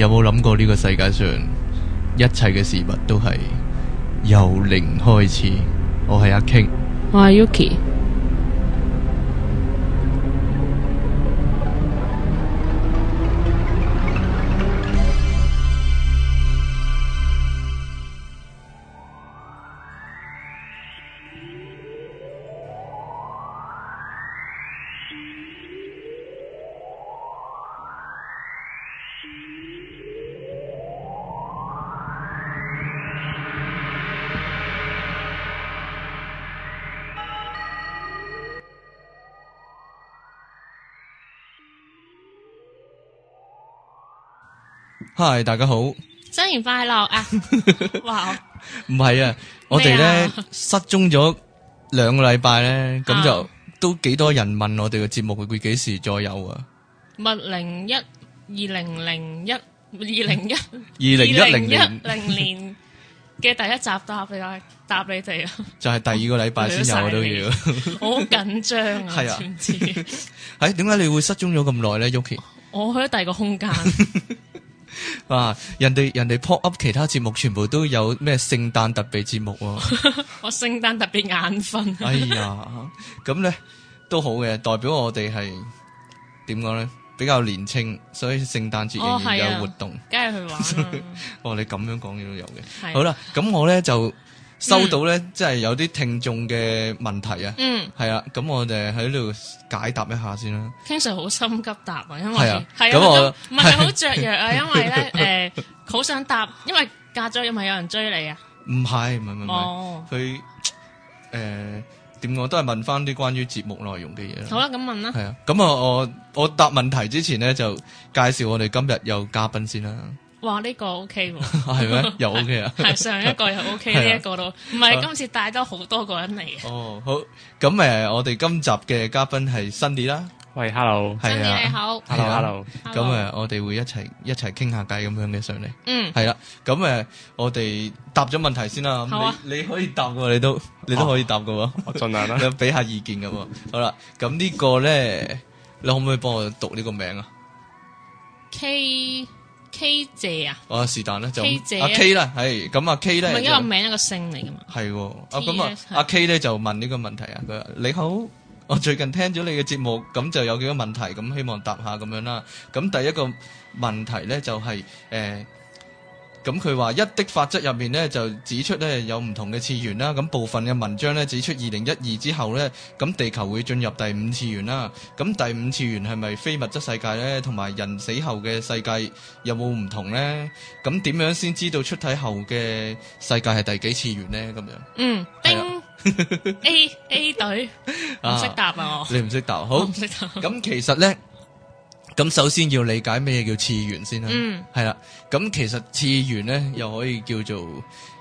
有冇諗過呢個世界上一切嘅事物都係由零開始？我係阿 King，我係 Yuki。係大家好，新年快樂啊！唔係啊，我哋咧失蹤咗兩個禮拜咧，咁就都幾多人問我哋嘅節目會幾時再有啊？物零一二零零一二零一二零一零一零年嘅第一集答你啊，答你哋啊，就係第二個禮拜先有，我都要好緊張啊！係啊，係點解你會失蹤咗咁耐咧，Yuki？我去咗第二個空間。哇人哋，人哋 pop up 其他節目，全部都有咩聖誕特別節目喎、啊？ 我聖誕特別眼瞓。 哎呀，咁咧都好嘅，代表我哋係點講咧？比較年青，所以聖誕節仍然有活動，梗、哦、係、啊、去玩、啊。哦，你咁樣講嘢都有嘅、啊。好啦，咁我咧就。收到咧，即係、嗯、有啲聽眾嘅問題啊，係、嗯、啊，咁我哋喺呢度解答一下先啦。經常好心急答啊，因為係啊，咁我唔係好著藥啊，因為咧，誒、 呃，好想答，因為嫁咗，有咪有人追你啊？唔係，唔係，唔係，佢誒點講都係問翻啲關於節目內容嘅嘢。好啦，咁問啦。係啊，咁啊，我我答問題之前咧，就介紹我哋今日有嘉賓先啦。哇！呢個 O K 喎，係咩？有 O K 啊，係上一個又 O K，呢一個都唔係今次帶多好多個人嚟嘅。哦，好咁誒，我哋今集嘅嘉賓係 Nindy 啦。喂，Hello，Nindy，你好。Hello，Hello。咁誒，我哋會一齊一齊傾下偈咁樣嘅上嚟。嗯，係啦。咁誒，我哋答咗問題先啦。你你可以答嘅，你都你都可以答嘅喎。我盡量啦。你俾下意見嘅喎。好啦，咁呢個咧，你可唔可以幫我讀呢個名啊？K。K 姐啊，哦是但啦，就阿 K 啦，係咁阿 K 咧，唔係一個名一個姓嚟噶嘛，係、啊，啊咁啊阿 K 咧就問呢個問題啊，佢話你好，我最近聽咗你嘅節目，咁就有幾個問題，咁希望答下咁樣啦，咁第一個問題咧就係、是、誒。呃咁佢話一的法則入面咧就指出咧有唔同嘅次元啦，咁部分嘅文章咧指出二零一二之後咧，咁地球會進入第五次元啦。咁第五次元係咪非物質世界咧？同埋人死後嘅世界有冇唔同咧？咁點樣先知道出體後嘅世界係第幾次元咧？咁樣嗯，叮、啊、A A 隊唔識答啊我，你唔識答好，唔識答好。咁其實咧。咁首先要理解咩叫次元先啦，嗯，係啦。咁其實次元咧又可以叫做，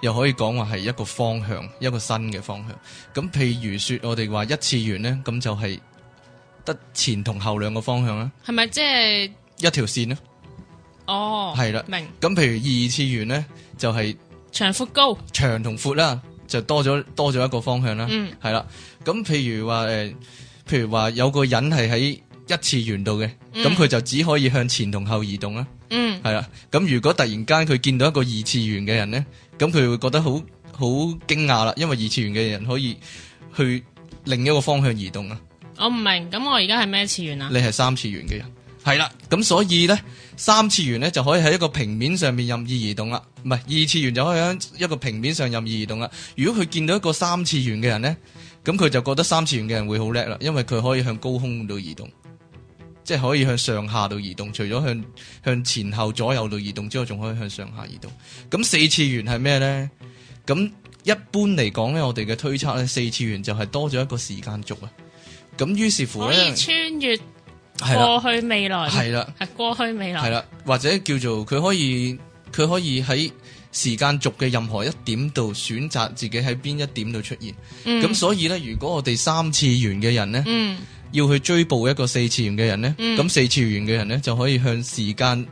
又可以講話係一個方向，一個新嘅方向。咁譬如說我哋話一次元咧，咁就係得前同後兩個方向啦。係咪即係一條線咯？哦，係啦。明。咁譬如二次元咧，就係、是、長闊高，長同闊啦，就多咗多咗一個方向啦。嗯，係啦。咁譬如話誒、呃，譬如話有個人係喺。一次元度嘅，咁、嗯、佢就只可以向前同後移動啦。嗯，係啦。咁如果突然間佢見到一個二次元嘅人呢，咁佢會覺得好好驚訝啦，因為二次元嘅人可以去另一個方向移動啊。我唔明，咁我而家係咩次元啊？你係三次元嘅人，係啦。咁所以呢，三次元呢就可以喺一個平面上面任意移動啦。唔係，二次元就可以喺一個平面上任意移動啦。如果佢見到一個三次元嘅人呢，咁佢就覺得三次元嘅人會好叻啦，因為佢可以向高空度移動。即係可以向上下度移動，除咗向向前後左右度移動之外，仲可以向上下移動。咁四次元係咩呢？咁一般嚟講咧，我哋嘅推測咧，四次元就係多咗一個時間軸啊。咁於是乎咧，可以穿越過去未來係啦，係過去未來係啦，或者叫做佢可以佢可以喺時間軸嘅任何一點度選擇自己喺邊一點度出現。咁、嗯、所以咧，如果我哋三次元嘅人咧，嗯。要去追捕一個四次元嘅人呢，咁四次元嘅人呢就可以向時間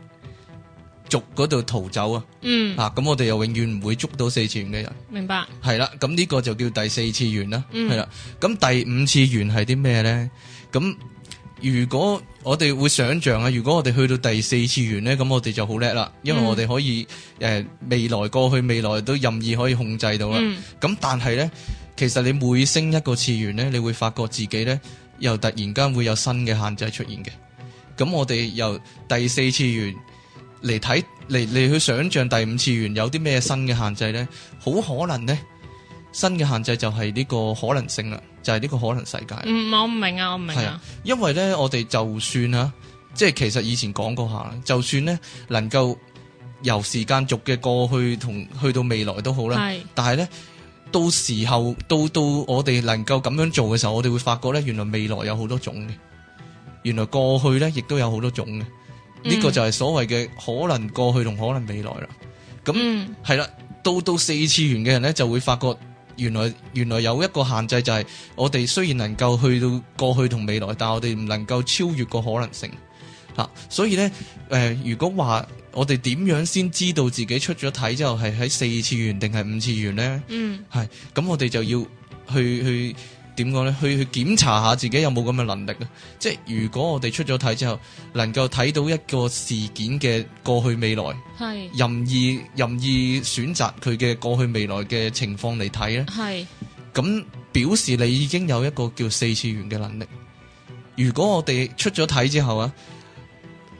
軸嗰度逃走啊！嗯，啊，咁我哋又永遠唔會捉到四次元嘅人。明白。係啦，咁呢個就叫第四次元啦。嗯，係啦，咁第五次元係啲咩呢？咁如果我哋會想象啊，如果我哋去到第四次元呢，咁我哋就好叻啦，因為我哋可以誒未來、過去未來都任意可以控制到啦。咁但係呢，其實你每升一個次元呢，你會發覺自己呢。又突然間會有新嘅限制出現嘅，咁我哋由第四次元嚟睇嚟嚟去想象第五次元有啲咩新嘅限制咧，好可能咧，新嘅限制就係呢個可能性啦，就係、是、呢個可能世界。嗯，我唔明啊，我唔明啊，因為咧，我哋就算啊，即係其實以前講過一下，就算咧能夠由時間軸嘅過去同去到未來都好啦，但係咧。到時候到到我哋能夠咁樣做嘅時候，我哋會發覺呢，原來未來有好多種嘅，原來過去呢，亦都有好多種嘅，呢、嗯呢個就係所謂嘅可能過去同可能未來啦。咁係啦，到到四次元嘅人呢，就會發覺，原來原來有一個限制就係我哋雖然能夠去到過去同未來，但我哋唔能夠超越個可能性。吓、啊，所以呢，誒、呃，如果話，我哋點樣先知道自己出咗體之後係喺四次元定係五次元呢？嗯，係咁，我哋就要去去點講呢？去去檢查下自己有冇咁嘅能力啊！即係如果我哋出咗體之後，能夠睇到一個事件嘅過去未來，係任意任意選擇佢嘅過去未來嘅情況嚟睇咧，係咁表示你已經有一個叫四次元嘅能力。如果我哋出咗體之後啊，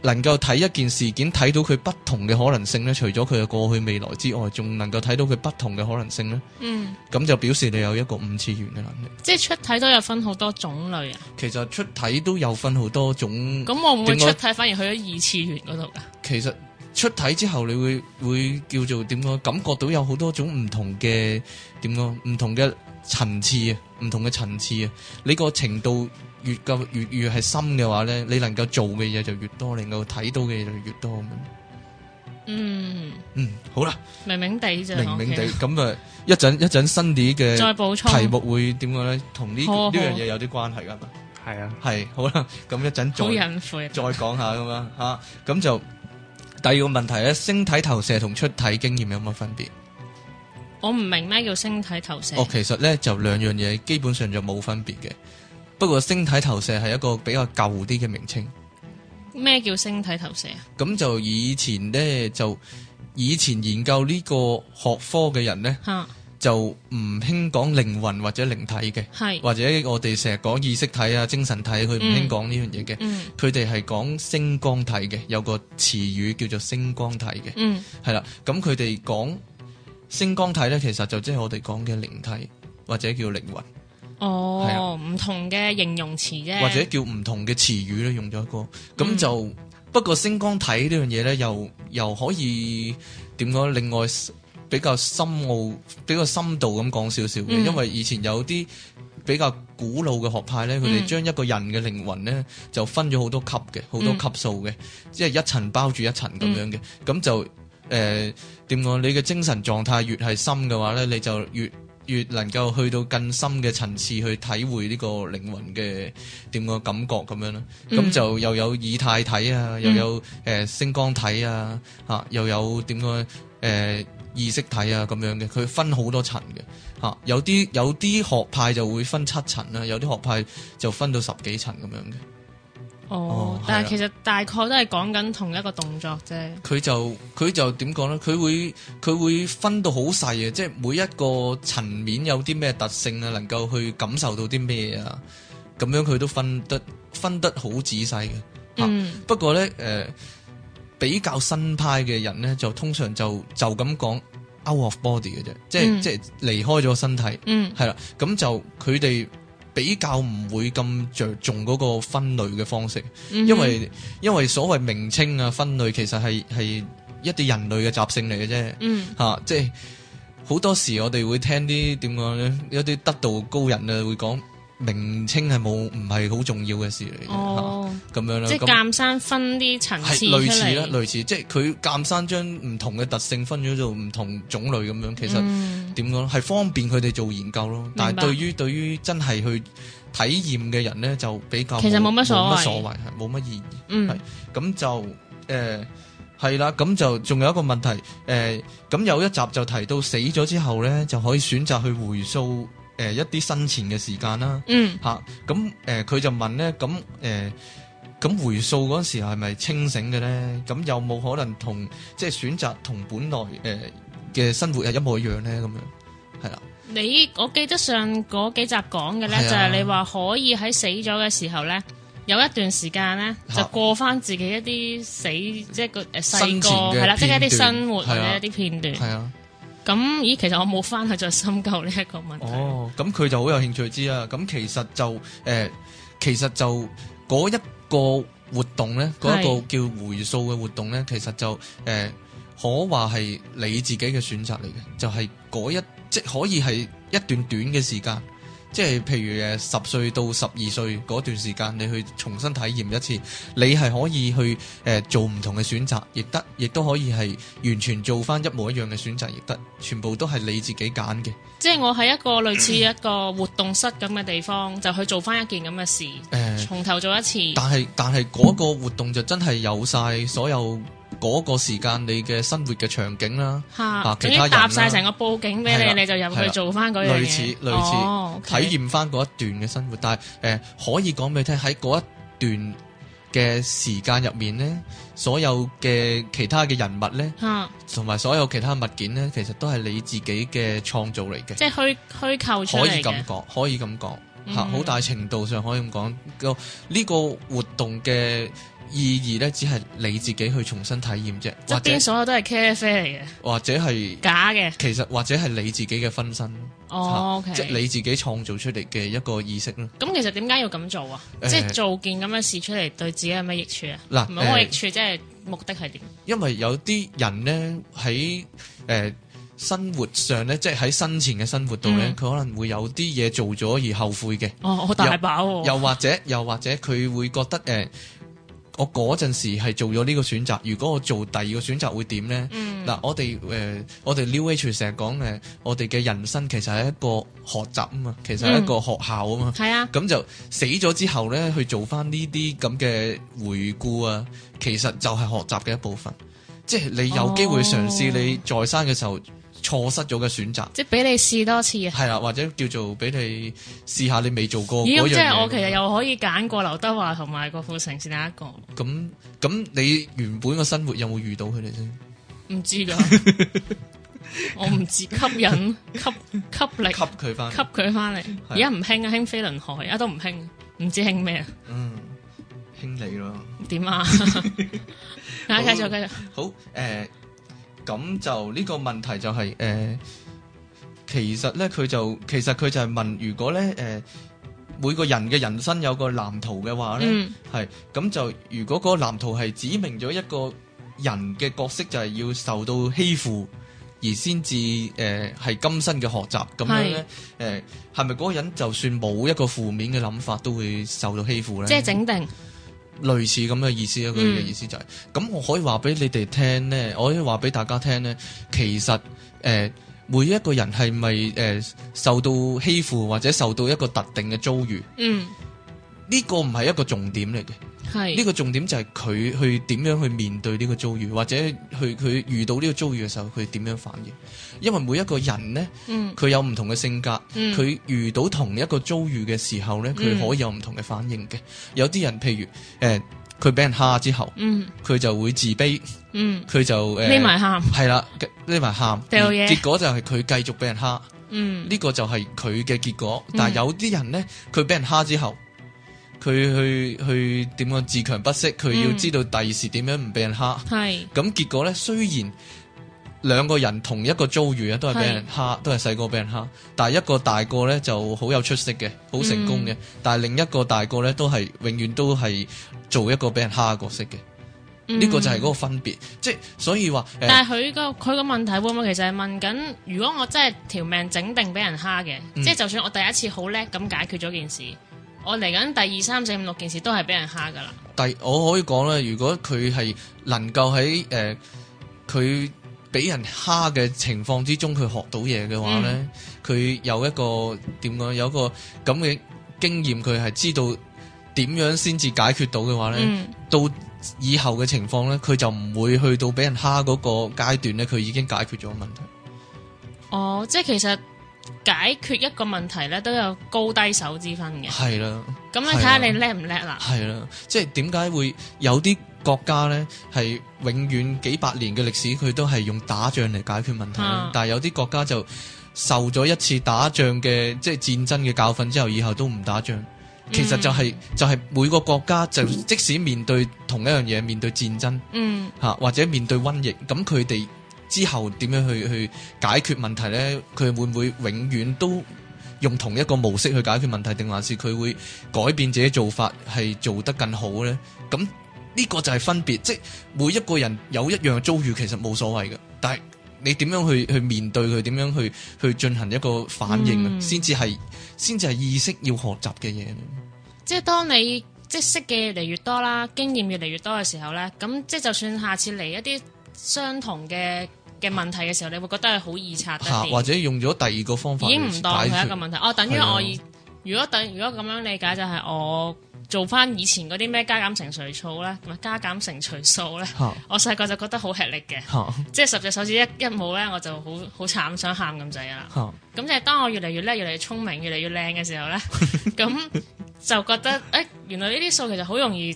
能夠睇一件事件睇到佢不同嘅可能性咧，除咗佢嘅過去未來之外，仲能夠睇到佢不同嘅可能性咧。嗯，咁就表示你有一個五次元嘅能力。即係出體都有分好多種類啊。其實出體都有分好多種。咁我唔會出體，反而去咗二次元嗰度噶。其實出體之後，你會會叫做點樣？感覺到有好多種唔同嘅點樣，唔同嘅層次啊，唔同嘅層次啊，你個程度。越夠越越係深嘅話咧，你能夠做嘅嘢就越多，能夠睇到嘅嘢就越多咁樣。嗯嗯，好啦，明明地啫，明明地咁啊！一陣一陣，Sandy 嘅再補充題目會點樣咧？同呢呢樣嘢有啲關係噶嘛？係啊，係好啦，咁一陣再再講下咁樣吓？咁就第二個問題咧，星體投射同出體經驗有乜分別？我唔明咩叫星體投射。哦，其實咧就兩樣嘢，基本上就冇分別嘅。不過星體投射係一個比較舊啲嘅名稱。咩叫星體投射啊？咁就以前咧，就以前研究呢個學科嘅人咧，吓，就唔興講靈魂或者靈體嘅，係或者我哋成日講意識體啊、精神體，佢唔興講呢樣嘢嘅。嗯，佢哋係講星光體嘅，有個詞語叫做星光體嘅。嗯，係啦，咁佢哋講星光體咧，其實就即係我哋講嘅靈體或者叫靈魂。哦，唔、啊、同嘅形容詞啫，或者叫唔同嘅詞語咧，用咗一個咁就、嗯、不過星光體呢樣嘢咧，又又可以點講？另外比較深奧、比較深度咁講少少嘅，因為以前有啲比較古老嘅學派咧，佢哋將一個人嘅靈魂咧就分咗好多級嘅，好多級數嘅、嗯，即係一層包住一層咁樣嘅，咁、嗯、就誒點講？你嘅精神狀態越係深嘅話咧，你就越。越能夠去到更深嘅層次去體會呢個靈魂嘅點個感覺咁樣啦，咁就又有以太體啊，又有誒、呃、星光體啊，嚇、啊、又有點個誒意識體啊咁樣嘅，佢分好多層嘅，嚇、啊、有啲有啲學派就會分七層啦，有啲學派就分到十幾層咁樣嘅。哦、oh，但係其實大概都係講緊同一個動作啫。佢、哦、就佢就點講咧？佢會佢會分到好細嘅，即係每一個層面有啲咩特性啊，能夠去感受到啲咩啊？咁樣佢都分得分得好仔細嘅。嗯。啊、不過咧，誒、呃，比較新派嘅人咧，就通常就就咁講 out of body 嘅啫，即係、嗯、即係離開咗身體。嗯。係啦，咁就佢哋。比較唔會咁着重嗰個分類嘅方式，因為、mm -hmm. 因為所謂名稱啊分類，其實係係一啲人類嘅習性嚟嘅啫，吓、mm -hmm. 啊，即係好多時我哋會聽啲點講咧，有啲得道高人啊會講。名稱係冇唔係好重要嘅事嚟嘅。咁、哦、樣啦。即係鑑山分啲層次出嚟。係類似啦，類似，即係佢鑑山將唔同嘅特性分咗做唔同種類咁樣。其實點講？係、嗯、方便佢哋做研究咯。但係對於對於真係去體驗嘅人咧，就比較其實冇乜所謂，冇乜所謂，冇乜意義。嗯，咁就誒係、呃、啦。咁就仲有一個問題誒咁、呃、有一集就提到死咗之後咧，就可以選擇去回溯。誒一啲生前嘅時間啦，嚇咁誒佢就問咧，咁誒咁回溯嗰陣時係咪清醒嘅咧？咁有冇可能同即係選擇同本來誒嘅生活係一模一樣咧？咁樣係啦。你我記得上嗰幾集講嘅咧，就係你話可以喺死咗嘅時候咧，有一段時間咧就過返自己一啲死即係個誒細個係啦，即係一啲生活嘅一啲片段。係啊。咁咦，其實我冇翻去再深究呢一個問題。哦，咁佢就好有興趣知啦。咁其實就、欸、其實就嗰一個活動咧，嗰一個叫回溯嘅活動咧，其實就、欸、可話係你自己嘅選擇嚟嘅，就係、是、嗰一即、就是、可以係一段短嘅時間。即係譬如誒，十歲到十二歲嗰段時間，你去重新體驗一次，你係可以去誒做唔同嘅選擇，亦得，亦都可以係完全做翻一模一樣嘅選擇，亦得，全部都係你自己揀嘅。即係我喺一個類似一個活動室咁嘅地方， 就去做翻一件咁嘅事，誒、呃，從頭做一次。但係但係嗰個活動就真係有晒所有。嗰、那個時間你嘅生活嘅場景啦，嚇，其他人搭晒成個布景俾你，你就入去做翻嗰樣嘢，類似、哦、類似、哦 okay、體驗翻嗰一段嘅生活。但係、呃、可以講俾你聽喺嗰一段嘅時間入面咧，所有嘅其他嘅人物咧，同埋所有其他物件咧，其實都係你自己嘅創造嚟嘅，即係虛虛構出嚟嘅，可以咁講，可以咁講，嚇，好大程度上可以咁講，呢個活動嘅意義咧，只係你自己去重新體驗啫。側邊所有都係茄啡嚟嘅，或者係假嘅。其實或者係你自己嘅分身，oh, okay. 即係你自己創造出嚟嘅一個意識。咁其實點解要咁做啊、呃？即係做件咁嘅事出嚟，對自己有咩益處啊？嗱，唔係益處，即、呃、係目的係點、呃？因為有啲人咧喺、呃、生活上咧，即係喺生前嘅生活度咧，佢、嗯、可能會有啲嘢做咗而後悔嘅。哦，好大把喎、啊。又或者又或者佢會覺得誒。呃我嗰陣時係做咗呢個選擇，如果我做第二個選擇會點呢？嗱、嗯啊，我哋誒我哋 New Age 成日講誒，我哋嘅人生其實係一個學習啊嘛，其實係一個學校啊嘛，咁、嗯、就死咗之後呢，去做翻呢啲咁嘅回顧啊，其實就係學習嘅一部分，即係你有機會嘗試你在生嘅時候。哦錯失咗嘅選擇，即係俾你試多次啊！係啊，或者叫做俾你試下你未做過、啊。咦？咁即係我其實又可以揀過劉德華同埋郭富城是哪一個？咁咁，那你原本嘅生活有冇遇到佢哋先？唔知噶， 我唔知吸引吸吸力吸佢翻，吸佢翻嚟。而家唔興啊，興飛輪海而家都唔興，唔知興咩啊？嗯，興你咯。點啊？啊 好，繼 續繼續。好誒。呃咁就呢個問題就係、是呃、其實呢，佢就其實佢就係問，如果呢，呃、每個人嘅人生有個藍圖嘅話呢係咁、嗯、就如果嗰個藍圖係指明咗一個人嘅角色就係要受到欺負而，而先至係今生嘅學習咁樣呢，係咪嗰個人就算冇一個負面嘅諗法都會受到欺負呢？」即係整定。類似咁嘅意思啊，佢嘅意思就係、是，咁、嗯、我可以話俾你哋聽咧，我可以話俾大家聽咧，其實、呃、每一個人係咪、呃、受到欺負或者受到一個特定嘅遭遇，呢、嗯呢個唔係一個重點嚟嘅。係呢、這個重點就係佢去點樣去面對呢個遭遇，或者去佢遇到呢個遭遇嘅時候，佢點樣反應？因為每一個人咧，佢、嗯、有唔同嘅性格，佢、嗯、遇到同一個遭遇嘅時候咧，佢可以有唔同嘅反應嘅。有啲人譬如誒，佢、呃、俾人蝦之後，佢、嗯、就會自卑，佢、嗯、就匿埋喊，係、呃、啦，匿埋喊，結果就係佢繼續俾人蝦。呢、嗯這個就係佢嘅結果。但係有啲人咧，佢俾人蝦之後。佢去去點樣自強不息？佢、嗯、要知道第二時點樣唔俾人蝦。係咁結果咧，雖然兩個人同一個遭遇啊，都係俾人蝦，都係細個俾人蝦。但係一個大個咧就好有出息嘅，好成功嘅，嗯。但係另一個大個咧都係永遠都係做一個俾人蝦嘅角色嘅。呢、嗯呢個就係嗰個分別，即係所以話、呃。但係佢、嗰個佢個問題會唔會其實係問緊？如果我真係條命整定俾人蝦嘅，即、嗯、係、就係、就算我第一次好叻咁解決咗件事。我嚟緊第二三四五六件事都係俾人蝦噶啦。第我可以講咧，如果佢係能夠喺，誒，佢俾人蝦嘅情況之中佢學到嘢嘅話咧，佢、嗯、有一個點樣，有一個咁嘅經驗，佢係知道點樣先至解決到嘅話咧、嗯，到以後嘅情況咧，佢就唔會去到俾人蝦嗰個階段咧，佢已經解決咗問題。哦，即係其實。解決一個問題咧，都有高低手之分嘅。係啦，咁你睇下你叻唔叻啦。係啦，即係點解會有啲國家咧係永遠幾百年嘅歷史，佢都係用打仗嚟解決問題。但係有啲國家就受咗一次打仗嘅即係戰爭嘅教訓之後，以後都唔打仗。其實就係就係每個國家就即使面對同一樣嘢，面對戰爭，吓或者面對瘟疫，咁佢哋。之後點樣去去解決問題呢？佢會唔會永遠都用同一個模式去解決問題，定還是佢會改變自己的做法，係做得更好呢？咁呢個就係分別，即每一個人有一樣的遭遇，其實冇所謂嘅。但係你點樣去去面對佢，點樣去去進行一個反應，先至係先至係意識要學習嘅嘢。即係當你即識嘅越嚟越多啦，經驗越嚟越多嘅時候呢，咁即就算下次嚟一啲相同嘅。嘅問題嘅時候，你會覺得係好易拆得掂，或者用咗第二個方法已經唔當佢一個問題。哦，等於我以如果等如果咁樣理解，就係我做返以前嗰啲咩加減乘除數咧，同埋加減乘除數咧。我細個就覺得好吃力嘅，即係、就是、十隻手指一一舞咧，我就好好慘想喊咁滯啦。咁就係當我越嚟越叻、越嚟越聰明、越嚟越靚嘅時候咧，咁 就覺得誒、欸、原來呢啲數其實好容易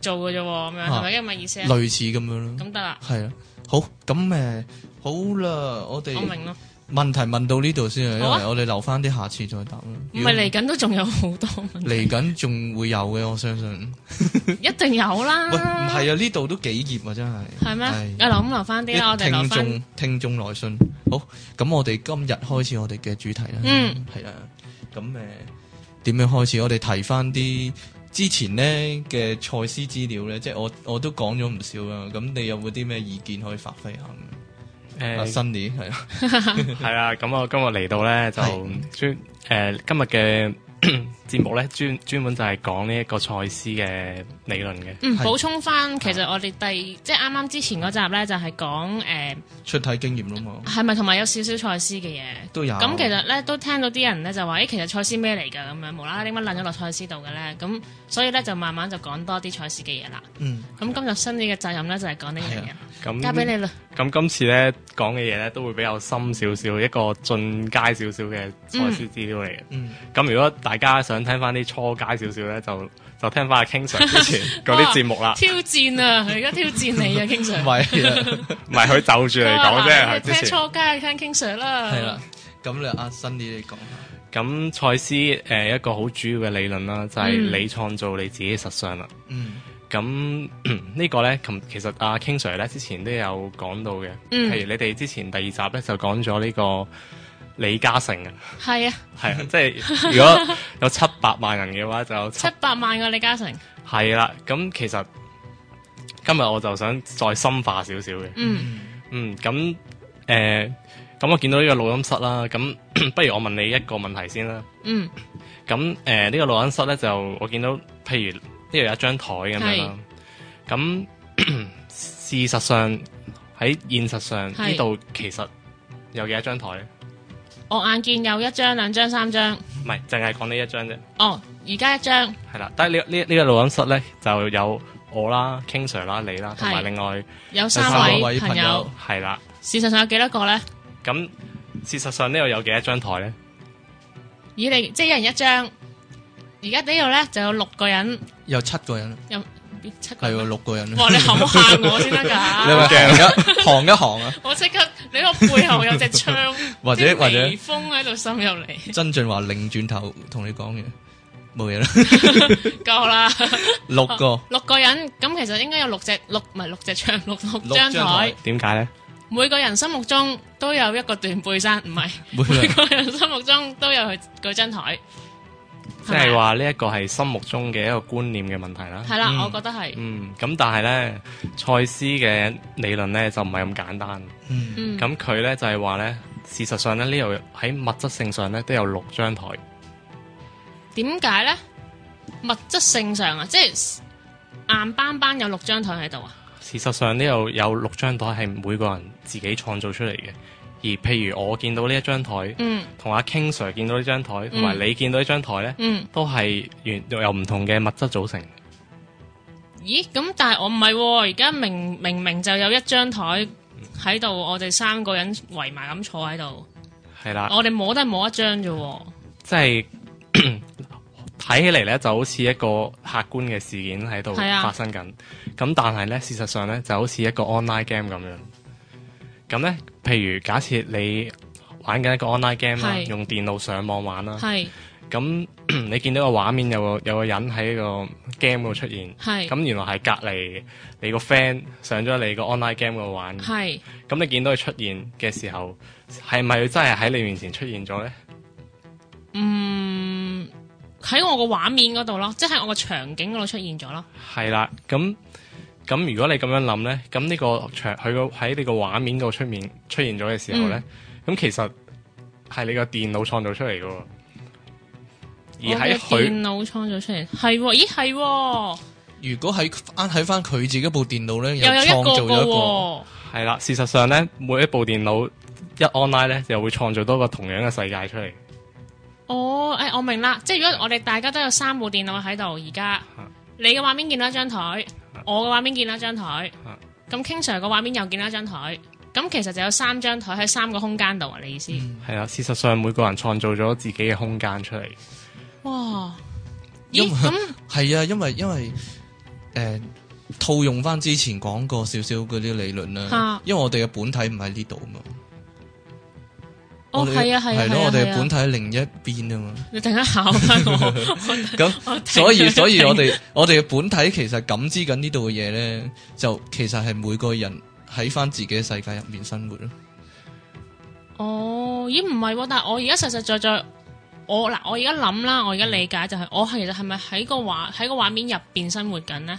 做嘅啫，咁樣係咪咁嘅意思啊？類似咁樣咯，咁得啦，係啊。好咁誒、嗯,好啦，我哋明囉，問題問到呢度先，因為我哋留翻啲下次再等。唔係嚟緊都仲有好多問題。嚟緊仲會有嘅，我相信一定有啦。喂，唔係啊，呢度都幾熱啊，真係。係咩？嗯，留一留留翻啲啦，我哋留聽眾聽眾來信。好，咁我哋今日開始我哋嘅主題啦。嗯，係啦、啊。咁誒，點、嗯、樣開始？我哋提翻啲。之前呢嘅賽斯資料咧，即係我我都講咗唔少啦。咁你有冇啲咩意見可以發揮下？誒新年係啊，係啦。咁我今日嚟到咧就、呃、今日嘅。 節目咧專專門就係講呢一個賽斯嘅理論嘅。嗯，補充翻、啊就是呃欸，其實我哋第即係啱啱之前嗰集咧就係講誒出體經驗咯嘛。係咪？同埋有少少賽斯嘅嘢都有。咁其實咧都聽到啲人咧就話，誒，其實賽斯咩嚟㗎？咁樣無啦啦點解楞咗落賽斯度嘅咧？咁所以咧就慢慢就講多啲賽斯嘅嘢啦。嗯。咁今日新嘅責任咧就係講呢樣嘢。咁、嗯、交俾你啦。咁今次咧講嘅嘢咧都會比較深少少，一個進階少少嘅賽斯資料嚟嘅。嗯。咁、嗯、如果大家想，聽翻啲初階少少咧，就就聽翻阿 King Sir 之前嗰啲節目啦。 挑戰啊，佢而家挑戰你啊 King Sir 唔係，唔係佢就住嚟講啫。聽初階 聽 King Sir 啦。係啦，咁你阿新啲嚟講下。咁賽斯誒、呃，一個好主要嘅理論啦，就係、是、你創造你自己嘅實相啦。嗯。咁、這個、呢個咧，咁其實阿、啊、King Sir 咧之前都有講到嘅。譬、嗯、如你哋之前第二集咧就講咗呢個。李嘉誠啊，係啊，係啊，即係如果有七百萬人嘅話，就有七,七百萬個李嘉誠係啦。咁其實今日我就想再深化少少嘅，嗯，嗯，咁誒，咁、呃、我見到呢個錄音室啦，咁不如我問你一個問題先啦，嗯，咁誒呢個錄音室咧就我見到，譬如呢度有一張台咁樣咯，咁事實上喺現實上呢度其實有幾多張台？我眼見有一張、兩張、三張，唔係淨係講呢一張啫。哦，而家一張係啦，但係呢呢呢個錄、這個、音室咧就有我啦、King Sir 啦、你啦，同埋另外有三位朋友係啦。事實上有幾多個咧？咁事實上呢度有幾多張台咧？以零即係一人一張，而家呢度咧就有六個人，有七個人。有七係喎，六個人，哇！你冚唔吓我先得噶，行一行啊！我即刻，你個背後有隻窗，或者或者風喺度滲入嚟。曾俊華擰轉頭同你講嘅，冇嘢啦，夠啦，六個，六個人，咁其實應該有六隻六唔係六隻窗六六張台，點解咧？每個人心目中都有一個斷背山，唔係每個人心目中都有佢嗰張台。即係話呢一個係心目中嘅一個觀念嘅問題啦。係啦、嗯，我覺得係。嗯，咁但係呢，賽斯嘅理論呢就唔係咁簡單。咁、嗯、佢呢就係話呢，事實上呢，呢度喺物質性上呢都有六張台。點解呢？物質性上啊，即係硬邦邦有六張台喺度啊？事實上呢度有六張台係每個人自己創造出嚟嘅。而譬如我見到呢一張台，同、嗯、阿 King Sir 見到呢張台，同、嗯、埋你見到呢張台咧、嗯，都係原由唔同嘅物質組成。咦？咁但係我唔係、哦，而家明明明就有一張台喺度，我哋三個人圍埋咁坐喺度，係啦，我哋摸得係摸一張啫。即係睇起嚟呢，就好似一個客觀嘅事件喺度發生緊。咁但係呢，事實上呢，就好似一個 online game 咁樣。咁呢。譬如假設你玩緊一個 online game，用電腦上網玩啦，咁你見到個畫面有個有個人喺個 game 嗰度出現，咁原來係隔籬你個 friend 上咗你個 online game 嗰度玩，咁你見到佢出現嘅時候，係咪真係喺你面前出現咗咧？嗯，喺我個畫面嗰度咯，即係我個場景嗰度出現咗啦。係啦，咁。咁如果你咁樣諗咧，咁呢、這個牆佢個喺你個畫面度出面出現咗嘅時候咧，咁、嗯、其實係你個電腦創造出嚟噶。而喺電腦創造出嚟係、哦、咦係、哦？如果喺啱睇翻佢自己部電腦咧，又有一個係啦、哦。事實上咧，每一部電腦一 online 咧，就會創造多個同樣嘅世界出嚟。哦，哎、我明啦，即係如果我哋大家都有三部電腦喺度，而家、啊、你嘅畫面見到一張台。我嘅畫面見到一張台，咁 King Sir 嘅個畫面又見到一張台，咁其實就有三張台喺三個空間度啊！你意思？係啊、嗯，事實上每個人創造咗自己嘅空間出嚟。哇！咁係啊，因為咦因為誒、呃、套用翻之前講過少少嗰啲理論啦，啊、因為我哋嘅本體唔喺呢度啊嘛。哦、oh，係啊，係啊，係咯、啊啊啊，我哋嘅本體喺另一邊啊嘛、啊。你突然間考翻我，咁 我 所以所以我哋 我哋嘅本體其實感知緊呢度嘅嘢，咧，就其實係每個人喺翻自己嘅世界入面生活咯。哦，咦，唔係、啊，但係我而家實實在在，我嗱，我而家諗啦，我而家理解就係，我其實係咪喺個畫喺個畫面入邊生活緊呢？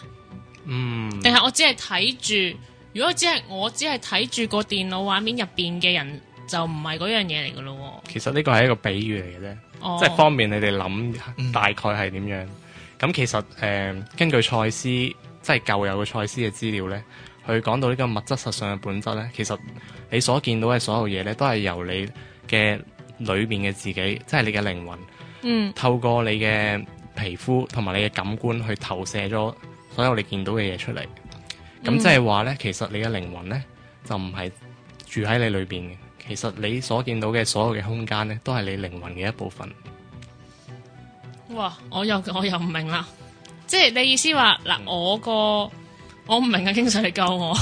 嗯。定係我只係睇住？如果只係我只係睇住個電腦畫面入邊嘅人？就唔係嗰樣嘢嚟嘅咯。其實呢個係一個比喻嚟嘅啫，oh. 即係方便你哋諗大概係點樣。咁、嗯、其實誒、呃，根據賽斯即係舊有嘅賽斯嘅資料咧，去講到呢個物質實上嘅本質咧，其實你所見到嘅所有嘢咧，都係由你嘅裏邊嘅自己，即、就、係、是、你嘅靈魂，嗯透過你嘅皮膚同埋你嘅感官去投射咗所有你見到嘅嘢出嚟。咁即係話咧，其實你嘅靈魂咧，就唔係住喺你裏邊嘅。其實你所見到嘅所有嘅空間咧，都係你靈魂嘅一部分。哇！我又我又唔明啦，即係你意思話嗱、嗯，我個我唔明啊，經常嚟救我。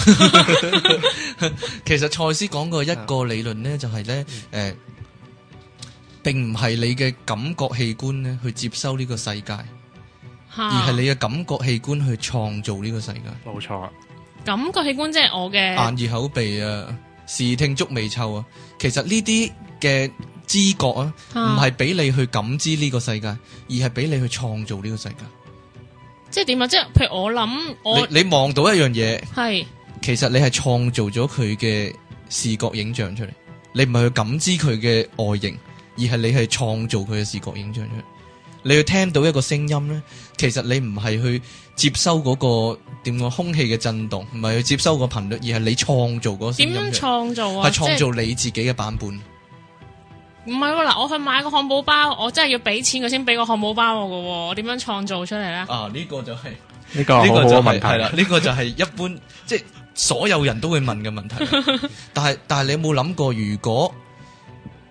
其實蔡司講過一個理論咧，就係、是、咧，誒、嗯呃，並唔係你嘅感覺器官咧去接收呢個世界，而係你嘅感覺器官去創造呢個世界。冇錯，感覺器官即係我嘅眼耳口鼻啊。視聽足未臭啊！其實呢啲嘅知覺啊，唔係俾你去感知呢個世界，而係俾你去創造呢個世界。即係點啊？即係譬如我諗，我你望到一樣嘢，係是其實你係創造咗佢嘅視覺影像出嚟，你唔係去感知佢嘅外形，而係你係創造佢嘅視覺影像出嚟。你要聽到一個聲音咧，其實你唔係去接收嗰個點個空氣嘅震動，唔係去接收個頻率，而係你創造嗰個。點樣創造啊？係創造你自己嘅版本。唔係喎嗱，我去買個漢堡包，我真係要俾錢佢先俾個漢堡包我嘅喎。點樣創造出嚟咧？啊，呢個就係，呢個呢個就係問題啦，呢個 就係一般，即係所有人都會問嘅問題。 但係但係你有冇諗過，如果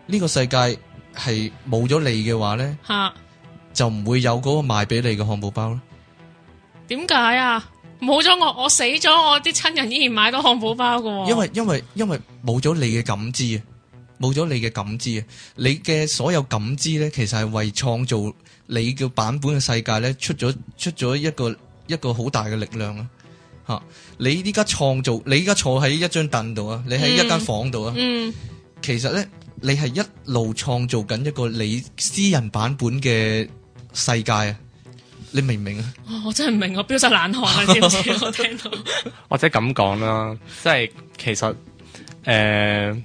呢個世界係冇咗你嘅話咧？嚇！ 就唔會有嗰個賣俾你嘅漢堡包咧？點解啊？冇咗我，我死咗，我啲親人依然買到漢堡包噶。因為因為因為冇咗你嘅感知啊，冇咗你嘅感知啊。你嘅所有感知咧，其實係為創造你嘅版本嘅世界咧，出咗出咗一個一個好大嘅力量啊。吓，你依家創造，你依家坐喺一張凳度啊，你喺一間房度啊，嗯，嗯，其實咧，你係一路創造緊一個你私人版本嘅世界，你明唔明啊、哦？我真係唔明，我飆晒冷汗 知唔知？我聽到，或者咁講啦，即係其實誒、呃，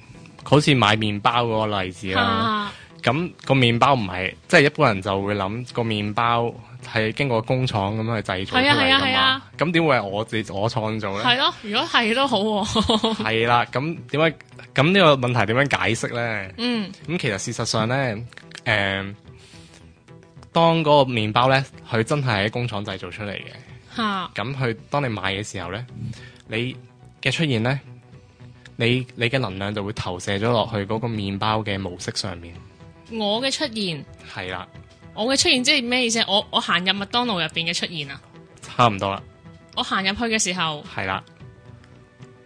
好似買麵包嗰個例子啦，咁、啊、個麵包唔係，即係一般人就會諗個麵包係經過工廠咁樣去製造，係啊係啊係啊，咁點會係我自我創造咧？係咯、啊，如果係都好、啊，係 啦、啊。咁點解咁呢個問題點樣解釋咧？嗯、咁、嗯、其實事實上咧，誒、呃。當嗰個麵包呢，佢真係喺工廠製造出嚟嘅，咁、huh. 佢當你買嘅時候呢，你嘅出現呢，你你嘅能量就會投射咗落去嗰個麵包嘅模式上面。我嘅出現係啦，我嘅出現即係咩意思？我我行入麥當勞入邊嘅出現啊，差唔多啦。我行入去嘅時候係啦。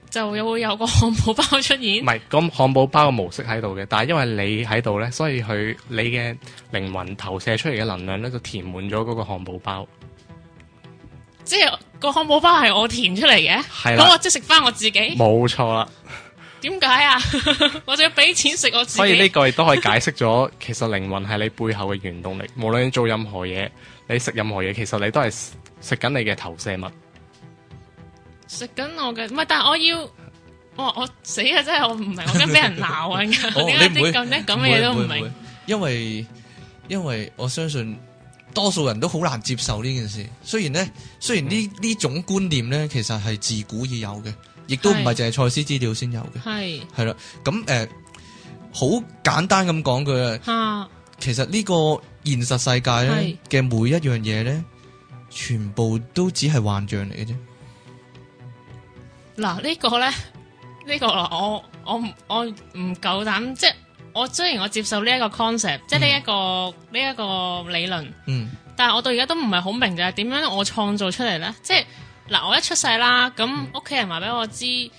就會有個漢堡包出現。唔係，咁漢堡包嘅模式喺度嘅，但係因為你喺度咧，所以佢你嘅靈魂投射出嚟嘅能量咧，就填滿咗嗰個漢堡包。即係個漢堡包係我填出嚟嘅，咁我即係食翻我自己。冇錯啦。點解啊？ 我就要俾錢食我自己。所以呢個亦都可以解釋咗， 其實靈魂係你背後嘅原動力。無論你做任何嘢，你食任何嘢，其實你都係食緊你嘅投射物。食緊我嘅，唔係，但係我要，我我死啊！真係我唔明，我驚俾人鬧啊！點解啲咁啲咁嘅嘢都唔明？因為因為我相信多數人都好難接受呢件事。雖然咧，雖然呢呢種觀念咧，其實係自古已有嘅，亦都唔係淨係賽斯資料先有嘅。係係啦，咁誒，好簡單咁講佢啊。啊，其實呢個現實世界咧嘅每一樣嘢咧，全部都只係幻象嚟嘅啫。嗱、呢個、呢個咧，呢、呢個我我唔我唔夠膽，即係我雖然我接受呢一個 concept，、嗯、即係呢一個呢一、呢個理論、嗯，但係我到而家都唔係好明就係點樣我創造出嚟咧。即係嗱，我一出世啦，咁屋企人話俾我知、嗯，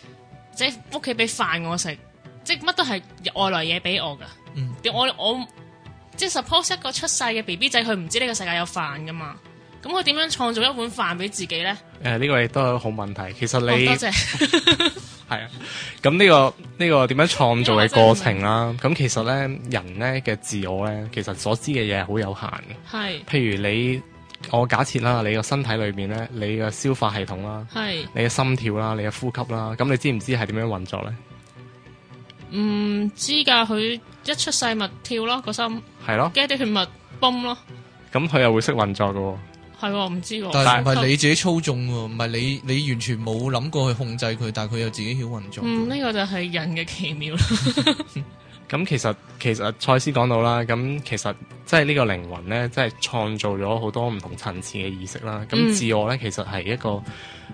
即係屋企俾飯我食，即係乜都係外來嘢俾我㗎、嗯。我我即係 suppose 一個出世嘅 B B 仔，佢唔知呢個世界有飯㗎嘛。咁我點樣創造一碗飯俾自己咧？誒、呃，呢、這個亦都係好問題。其實你多、哦、謝係啊。 咁呢、這個呢、這個點樣創造嘅過程啦？咁、這個、其實咧，人咧嘅自我咧，其實所知嘅嘢係好有限嘅。係。譬如你，我假設啦，你個身體裏面咧，你嘅消化系統啦，係。你嘅心跳啦，你嘅呼吸啦，咁你知唔知係點樣運作咧？唔、嗯、知噶，佢一出世咪跳咯個心，係咯，啲血咪泵咯。咁佢又會識運作噶？係喎、哦，唔知喎、哦。但係唔係你自己操縱喎，唔係你你完全冇諗過去控制佢，但係佢又自己曉運作。嗯，呢、這個就係人嘅奇妙啦。咁 其實其實賽斯講到啦，咁其實即係呢個靈魂呢，即係創造咗好多唔同層次嘅意識啦。咁自我呢，其實係一個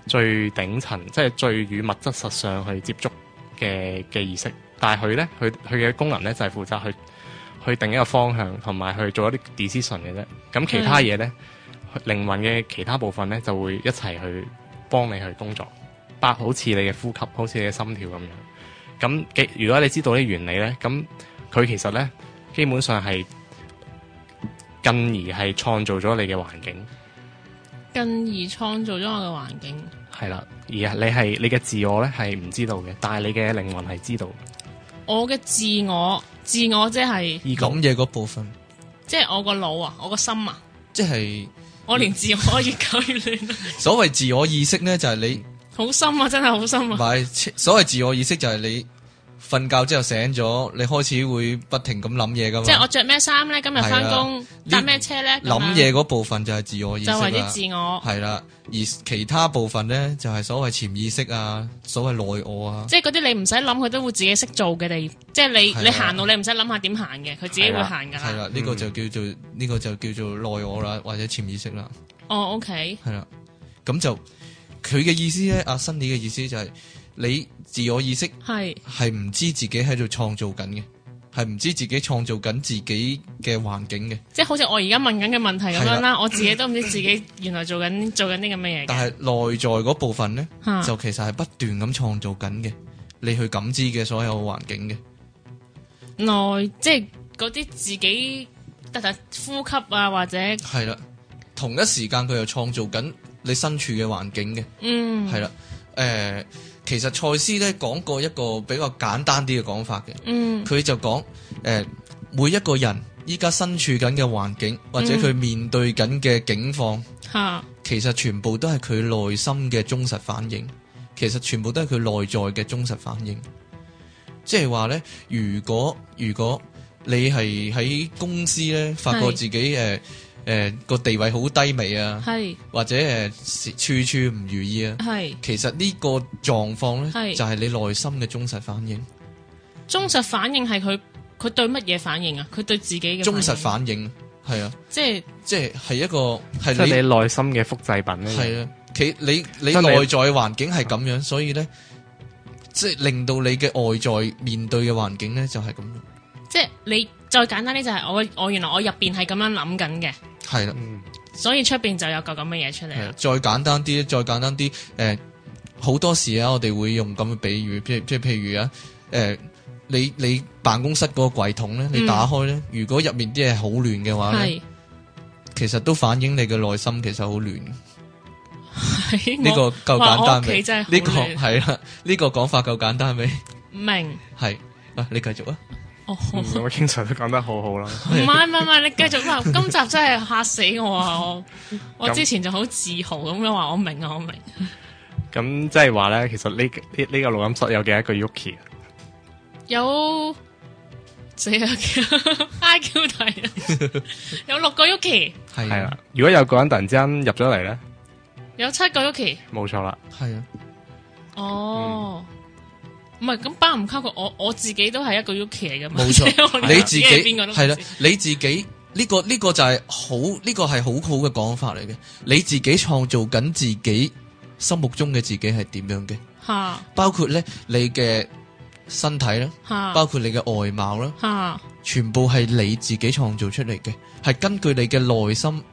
最頂層，即係最與物質實上去接觸嘅嘅意識，但係佢呢，佢佢嘅功能呢，就係、是、負責去去定一個方向，同埋去做一啲 decision 嘅啫。咁其他嘢呢？嗯靈魂嘅其他部分咧，就會一齊去幫你去工作，八好似你嘅呼吸，好似你嘅心跳咁樣。咁，如果你知道啲原理咧，咁佢其實咧，基本上係進而係創造咗你嘅環境，進而創造咗我嘅環境。係啦，而你係你嘅自我咧，係唔知道嘅，但係你嘅靈魂係知道的。我嘅自我，自我即係講嘢嗰部分，即係我個腦啊，我個心啊，即係。我連自我越搞越亂。所謂自我意識呢，就係你。好深啊，真係好深啊。唔係，所謂自我意識就係你、啊。瞓覺之後醒咗，你開始會不停咁諗嘢㗎嘛？即係我着咩衫咧？今日返工搭咩車咧？諗嘢嗰部分就係自我意識啦。就係自我。係啦、啊，而其他部分咧就係、是、所謂潛意識啊，所謂內我啊。即係嗰啲你唔使諗，佢都會自己識做嘅地。即係你、啊、你行路，你唔使諗下點行嘅，佢自己會行噶啦。係啦、啊，呢、嗯啊這個就叫做呢、這個就叫做內我啦，或者潛意識啦。哦，OK。係啦、啊，咁就佢嘅意思咧，阿森尼嘅意思就係、是。你自我意識係係唔知自己喺度創造緊嘅，係唔知自己創造緊自己嘅環境嘅。即係好似我而家問緊嘅問題咁樣啦，我自己都唔知自己原來做緊做緊啲咁嘅嘢。但係內在嗰部分咧，就其實係不斷咁創造緊嘅，你去感知嘅所有環境嘅內，即係嗰啲自己得呼吸啊，或者係啦，同一時間佢又創造緊你身處嘅環境嘅。嗯，係啦，誒、呃。其實蔡司咧講過一個比較簡單啲嘅講法嘅，佢、嗯、就講誒，每一個人依家身處緊嘅環境或者佢面對緊嘅境況、嗯，其實全部都係佢內心嘅忠實反應，其實全部都係佢內在嘅忠實反應。即係話咧，如果如果你係喺公司咧，發覺自己誒。誒，個地位好低微啊，或者誒處處唔如意啊。其實呢個狀況咧，就係你內心嘅忠實反應。忠實反應係佢佢對乜嘢反應啊？佢對自己嘅忠實反應係啊，即係即係係一個係你內心嘅複製品咯。係啊，佢你你內在環境係咁樣，所以咧，即係令到你嘅外在面對嘅環境咧就係咁樣。即係你再簡單啲就係我我原來我入邊係咁樣諗緊嘅。係啦、嗯，所以出邊就有個咁嘅嘢出嚟啦。再簡單啲，再簡單啲，誒、呃，好多時啊，我哋會用咁嘅比喻，即係即係，譬如啊，誒、呃，你你辦公室嗰個櫃桶咧，你打開咧、嗯，如果入面啲嘢好亂嘅話咧，其實都反映你嘅內心其實好亂。呢 個夠簡單未？呢、這個係啦，呢 個講法夠簡單未？明係啊，你繼續啊。咁、oh, 嗯、 我經常都講得好好啦。唔係唔係唔係，你繼續啊！ 今集真係嚇死我啊！我，我之前就好自豪咁樣話我明啊，我明。咁即係話咧，其實呢呢呢個錄音室有幾多個 Yuki？有四個 I Q 大有六個 Yuki，啊。係啊，如果有個人突然之間入咗嚟咧，有七個 Yuki。冇錯啦，係啊。哦、嗯。唔係咁，包唔包括我，我自己都係一個 yoke 嚟噶嘛，冇錯，你自己係啦 你自己呢、呢個呢、呢個就係好呢、呢個係好好嘅講法嚟嘅，你自己創造緊自己心目中嘅自己係點樣嘅，吓包括咧你嘅身體啦，吓包括你嘅外貌啦，吓全部係你自己創造出嚟嘅，係根據你嘅內心。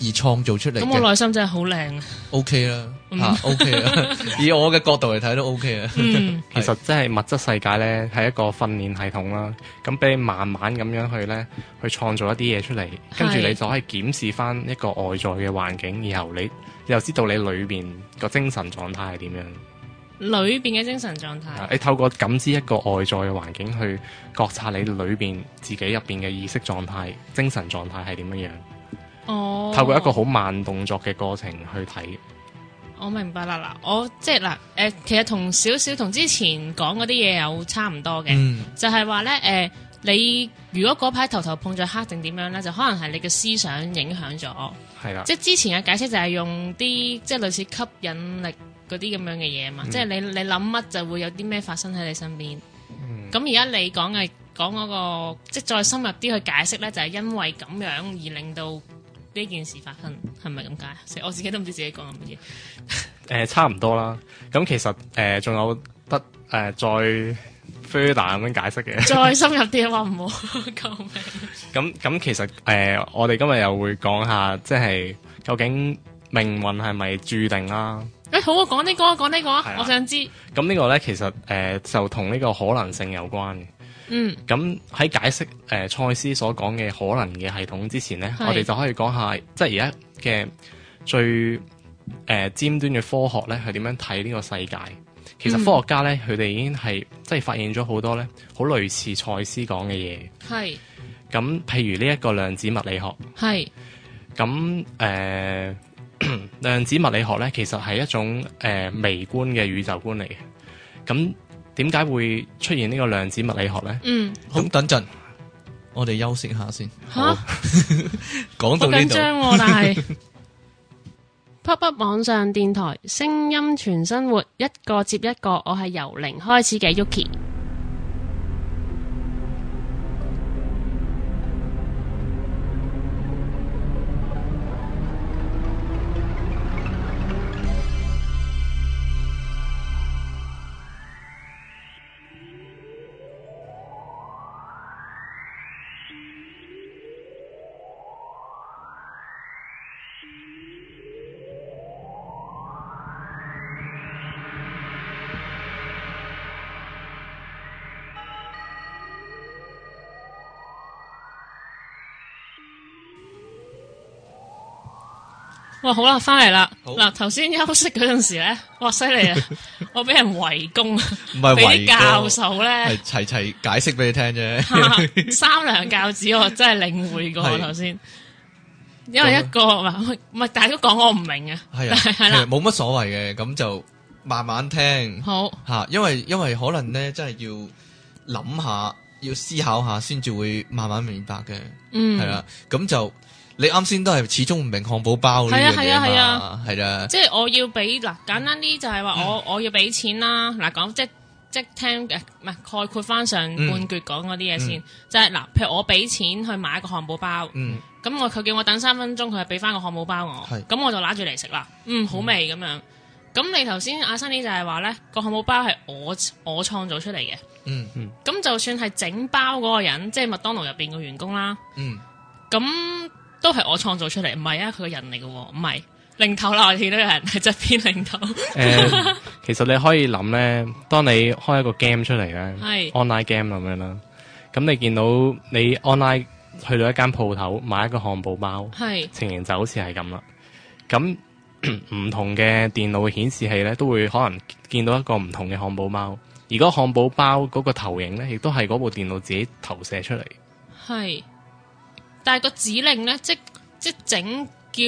而創造出嚟咁，我內心真係好靚啊！OK 啦，嚇 OK 啦，以我嘅角度嚟睇都 OK 啊、嗯。其實真係物質世界呢，係一個訓練系統啦。咁俾你慢慢咁樣去呢，去創造一啲嘢出嚟，跟住你就可以檢視翻一個外在嘅環境，然後你又知道你裏邊個精神狀態係點樣。裏邊嘅精神狀態，你透過感知一個外在嘅環境去覺察你裏邊自己入邊嘅意識狀態、精神狀態係點樣樣。Oh, 透過一個好慢動作嘅過程去睇，我明白啦。嗱，我即係嗱，誒、就是呃，其實同少少同之前講嗰啲嘢有差唔多嘅，mm. 就係話咧，誒、呃，你如果嗰排頭頭碰着黑定點樣咧，就可能係你嘅思想影響咗，係啦。即、就、係、是、之前嘅解釋就係用啲即係類似吸引力嗰啲咁樣嘅嘢嘛，即、mm. 係你你諗乜就會有啲咩發生喺你身邊。咁而家你講嘅講嗰個，即、就、係、是、再深入啲去解釋咧，就係、是、因為咁樣而令到。呢件事發生係咪咁解？其實我自己都唔知自己講緊乜嘢。誒，差唔多啦。咁其實誒，仲有得誒，再 further 咁樣解釋嘅。再深入啲，話唔好，救命！咁咁其實誒，我哋今日又會講下，即係究竟命運係咪注定啦？誒，好，講呢個，講呢個，我想知。咁呢個咧，其實誒，就同呢個可能性有關。嗯，咁喺解釋誒呃、賽斯所講嘅可能嘅系統之前咧，我哋就可以講下，即係而家嘅最誒、呃、尖端嘅科學咧，係點樣睇呢個世界？其實科學家咧，嗯、佢哋已經係即係發現咗好多咧，好類似賽斯講嘅嘢。係，咁譬如呢一個量子物理學。係，咁誒、呃， 量子物理學咧，其實係一種誒、呃、微觀嘅宇宙觀嚟嘅。咁。點解會出現呢個量子物理學呢？嗯，好、嗯、等陣，我哋休息一下先。好，講 到呢度。不緊張，但係 PopUp 網上電台，聲音全生活，一個接一個。我係由零開始嘅 Yuki。哇，好啦，翻嚟啦！嗱，頭先休息嗰陣時咧，哇，犀利啊！我俾人圍攻啊，唔係俾啲教授咧係齊齊解釋俾你聽啫。三娘教子，我真係領會過頭先，因為一個唔係大家都講我唔明啊。係係啦，其實冇乜所謂嘅，咁就慢慢聽。好吓，因為因為可能咧，真係要諗下，要思考下，先至會慢慢明白嘅。嗯，係啦，咁就。你啱先都係始終唔明漢堡包呢樣嘢啊，係、啊啊啊啊就是嗯、啦，即係我要俾嗱簡單啲就係話我我要俾錢啦嗱講即即聽誒唔係概括翻上半節講嗰啲嘢先，即係嗱譬如我俾錢去買一個漢堡包，咁我佢叫我等三分鐘佢係俾翻個漢堡包我，咁我就拿住嚟食啦，嗯好味咁樣，咁、嗯、你頭先阿珊妮就係話咧個漢堡包係我我創造出嚟嘅，咁、嗯嗯、就算係整包嗰個人即係麥當勞入邊個員工啦，咁、嗯。都係我創造出嚟，唔係啊！佢個人嚟嘅喎，唔係領頭啦，都有人係側邊領頭、 呃。其實你可以諗呢，當你開一個出來、online、game 出嚟呢 online game 咁樣啦，咁你見到你 online 去到一間鋪頭買一個漢堡包，係，情形就好似係咁啦。咁唔同嘅電腦嘅顯示器呢，都會可能見到一個唔同嘅漢堡包。而個漢堡包嗰個投影呢，亦都係嗰部電腦自己投射出嚟。係。但係個指令呢，即即整，叫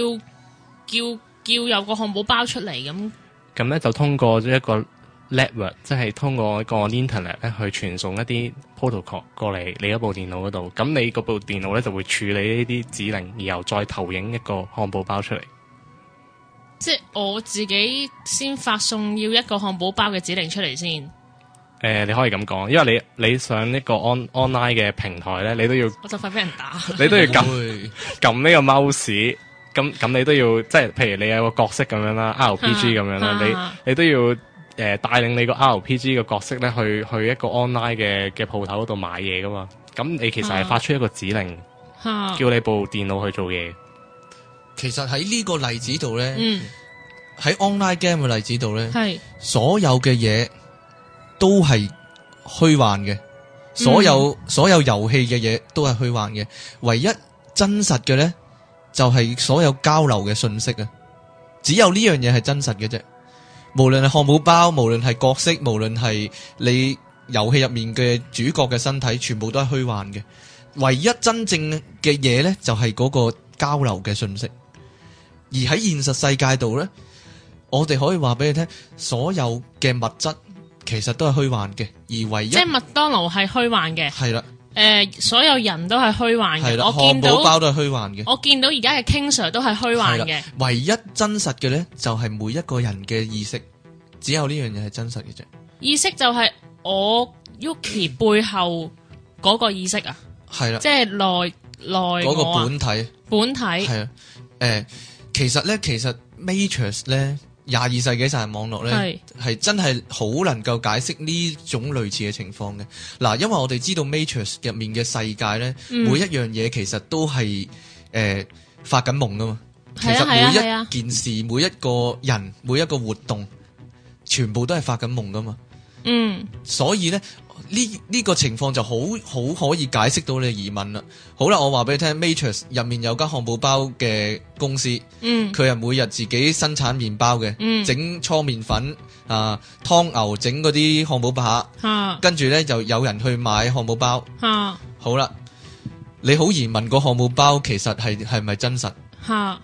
叫叫有個漢堡包出嚟咁。咁呢，就通過一個 network，即係通過一個 internet 咧去傳送一啲 protocol 過嚟你一部電腦嗰度。咁你嗰部電腦呢，就會處理呢啲指令，然後再投影一個漢堡包出嚟。即係我自己先發送要一個漢堡包嘅指令出嚟先。誒、呃，你可以咁講，因為你你上一個 on online 嘅平台咧，你都要我就快俾人打， 你都要撳撳呢個 mouse，咁咁你都要即係，譬如你有個角色咁樣啦 ，RPG 咁這樣啦， 你你都要誒帶、呃、領你個 RPG 個角色咧去去一個 online 嘅嘅鋪頭嗰度買嘢噶嘛，咁你其實係發出一個指令， 叫你部電腦去做嘢。其實喺呢個例子度咧，喺、嗯、online game 嘅例子度咧，係所有嘅嘢，都係虛幻嘅，所有、嗯、所有遊戲嘅嘢都係虛幻嘅，唯一真實嘅呢，就係、是、所有交流嘅信息啊！只有呢樣嘢係真實嘅啫。無論係漢堡包，無論係角色，無論係你遊戲入面嘅主角嘅身體，全部都係虛幻嘅。唯一真正嘅嘢呢，就係、是、嗰個交流嘅信息。而喺現實世界度呢，我哋可以話俾你聽，所有嘅物質，其實都係虛幻嘅，而唯一即係麥當勞係虛幻嘅。係啦，誒、呃，所有人都係虛幻嘅。我見到漢堡包都係虛幻嘅。我見到而家嘅 King Sir 都係虛幻嘅。唯一真實嘅咧，就係、是、每一個人嘅意識，只有呢樣嘢係真實嘅啫。意識就係我 Yuki 背後嗰個意識啊，係啦，即係內內我、啊嗰個本體，本體係啊。誒、呃，其實咧，其實 Matrix 咧。廿二世紀就係網絡咧，係真係好能夠解釋呢種類似嘅情況嘅。嗱，因為我哋知道 Matrix 入面嘅世界咧、嗯，每一樣嘢其實都係誒、呃、發緊夢噶嘛、啊。其實每一件事、啊啊、每一個人、每一個活動，全部都係發緊夢噶嘛。嗯，所以咧。.呢呢，這個情況就好好可以解釋到你嘅疑問啦。好啦，我話俾你聽，Matrix 入面有間漢堡包嘅公司，嗯，佢係每日自己生產麵包嘅，嗯，整搓麵粉啊，湯牛整嗰啲漢堡扒，啊，跟住咧就有人去買漢堡包，啊，好啦，你好疑問個漢堡包其實係係咪真實？啊，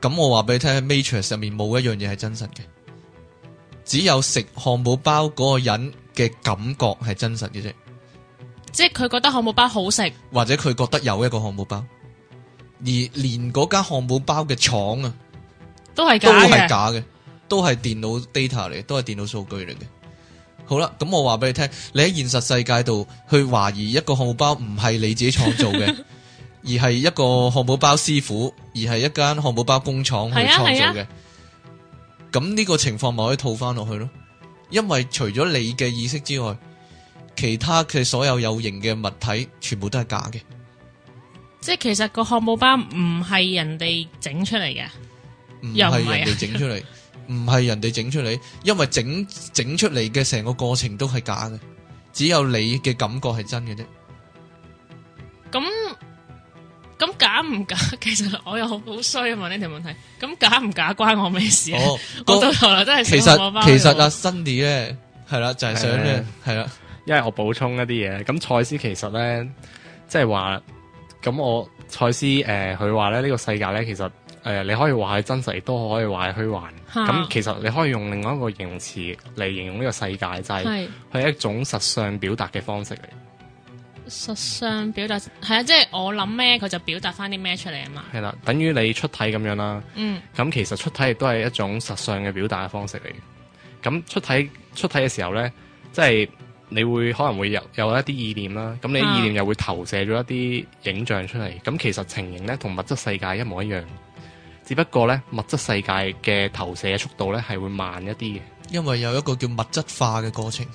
咁我話俾你聽，Matrix 入面冇一樣嘢係真實嘅。只有食漢堡包嗰個人嘅感覺係真實嘅啫，即係佢覺得漢堡包好食，或者佢覺得有一個漢堡包，而連嗰間漢堡包嘅廠啊，都係都係假嘅，都係電腦 data 嚟嘅，都係電腦數據嚟嘅。好啦，咁我話俾你聽，你喺現實世界度去懷疑一個漢堡包唔係你自己創造嘅， 而係一個漢堡包師傅，而係一間漢堡包工廠去創造嘅。咁呢個情況咪可以套翻落去咯？因為除咗你嘅意識之外，其他嘅所有有形嘅物體，全部都係假嘅。即係其實個漢堡包唔係人哋整出嚟嘅，唔係人哋整出嚟，唔係、啊、人哋整出嚟， 因為整整出嚟嘅成個過程都係假嘅，只有你嘅感覺係真嘅啫。咁。咁假唔假？其實我又好衰啊嘛呢條問題。咁假唔假關我咩事啊、哦？我到頭啦真係其實爸爸其實阿 Sandy 咧，係啦就係想呢，係啦、就是，因為我補充一啲嘢。咁蔡司其實咧，即係話咁我蔡司，誒、呃，佢話咧呢、這個世界咧，其實誒、呃、你可以話係真實，亦都可以話係虛幻。咁其實你可以用另外一個形容詞嚟形容呢個世界，就係、是、係一種實相表達嘅方式嚟。實相表達係啊，即係我諗咩，佢就表達翻啲咩出嚟啊嘛。係啦，等於你出體咁樣啦。嗯。咁其實出體亦都係一種實相嘅表達嘅方式嚟嘅。咁出體出體嘅時候咧，即係你會可能會有有一啲意念啦。咁你意念又會投射咗一啲影像出嚟。咁、嗯、其實情形咧，同物質世界一模一樣，只不過咧，物質世界嘅投射速度咧係會慢一啲嘅。因為有一個叫物質化嘅過程。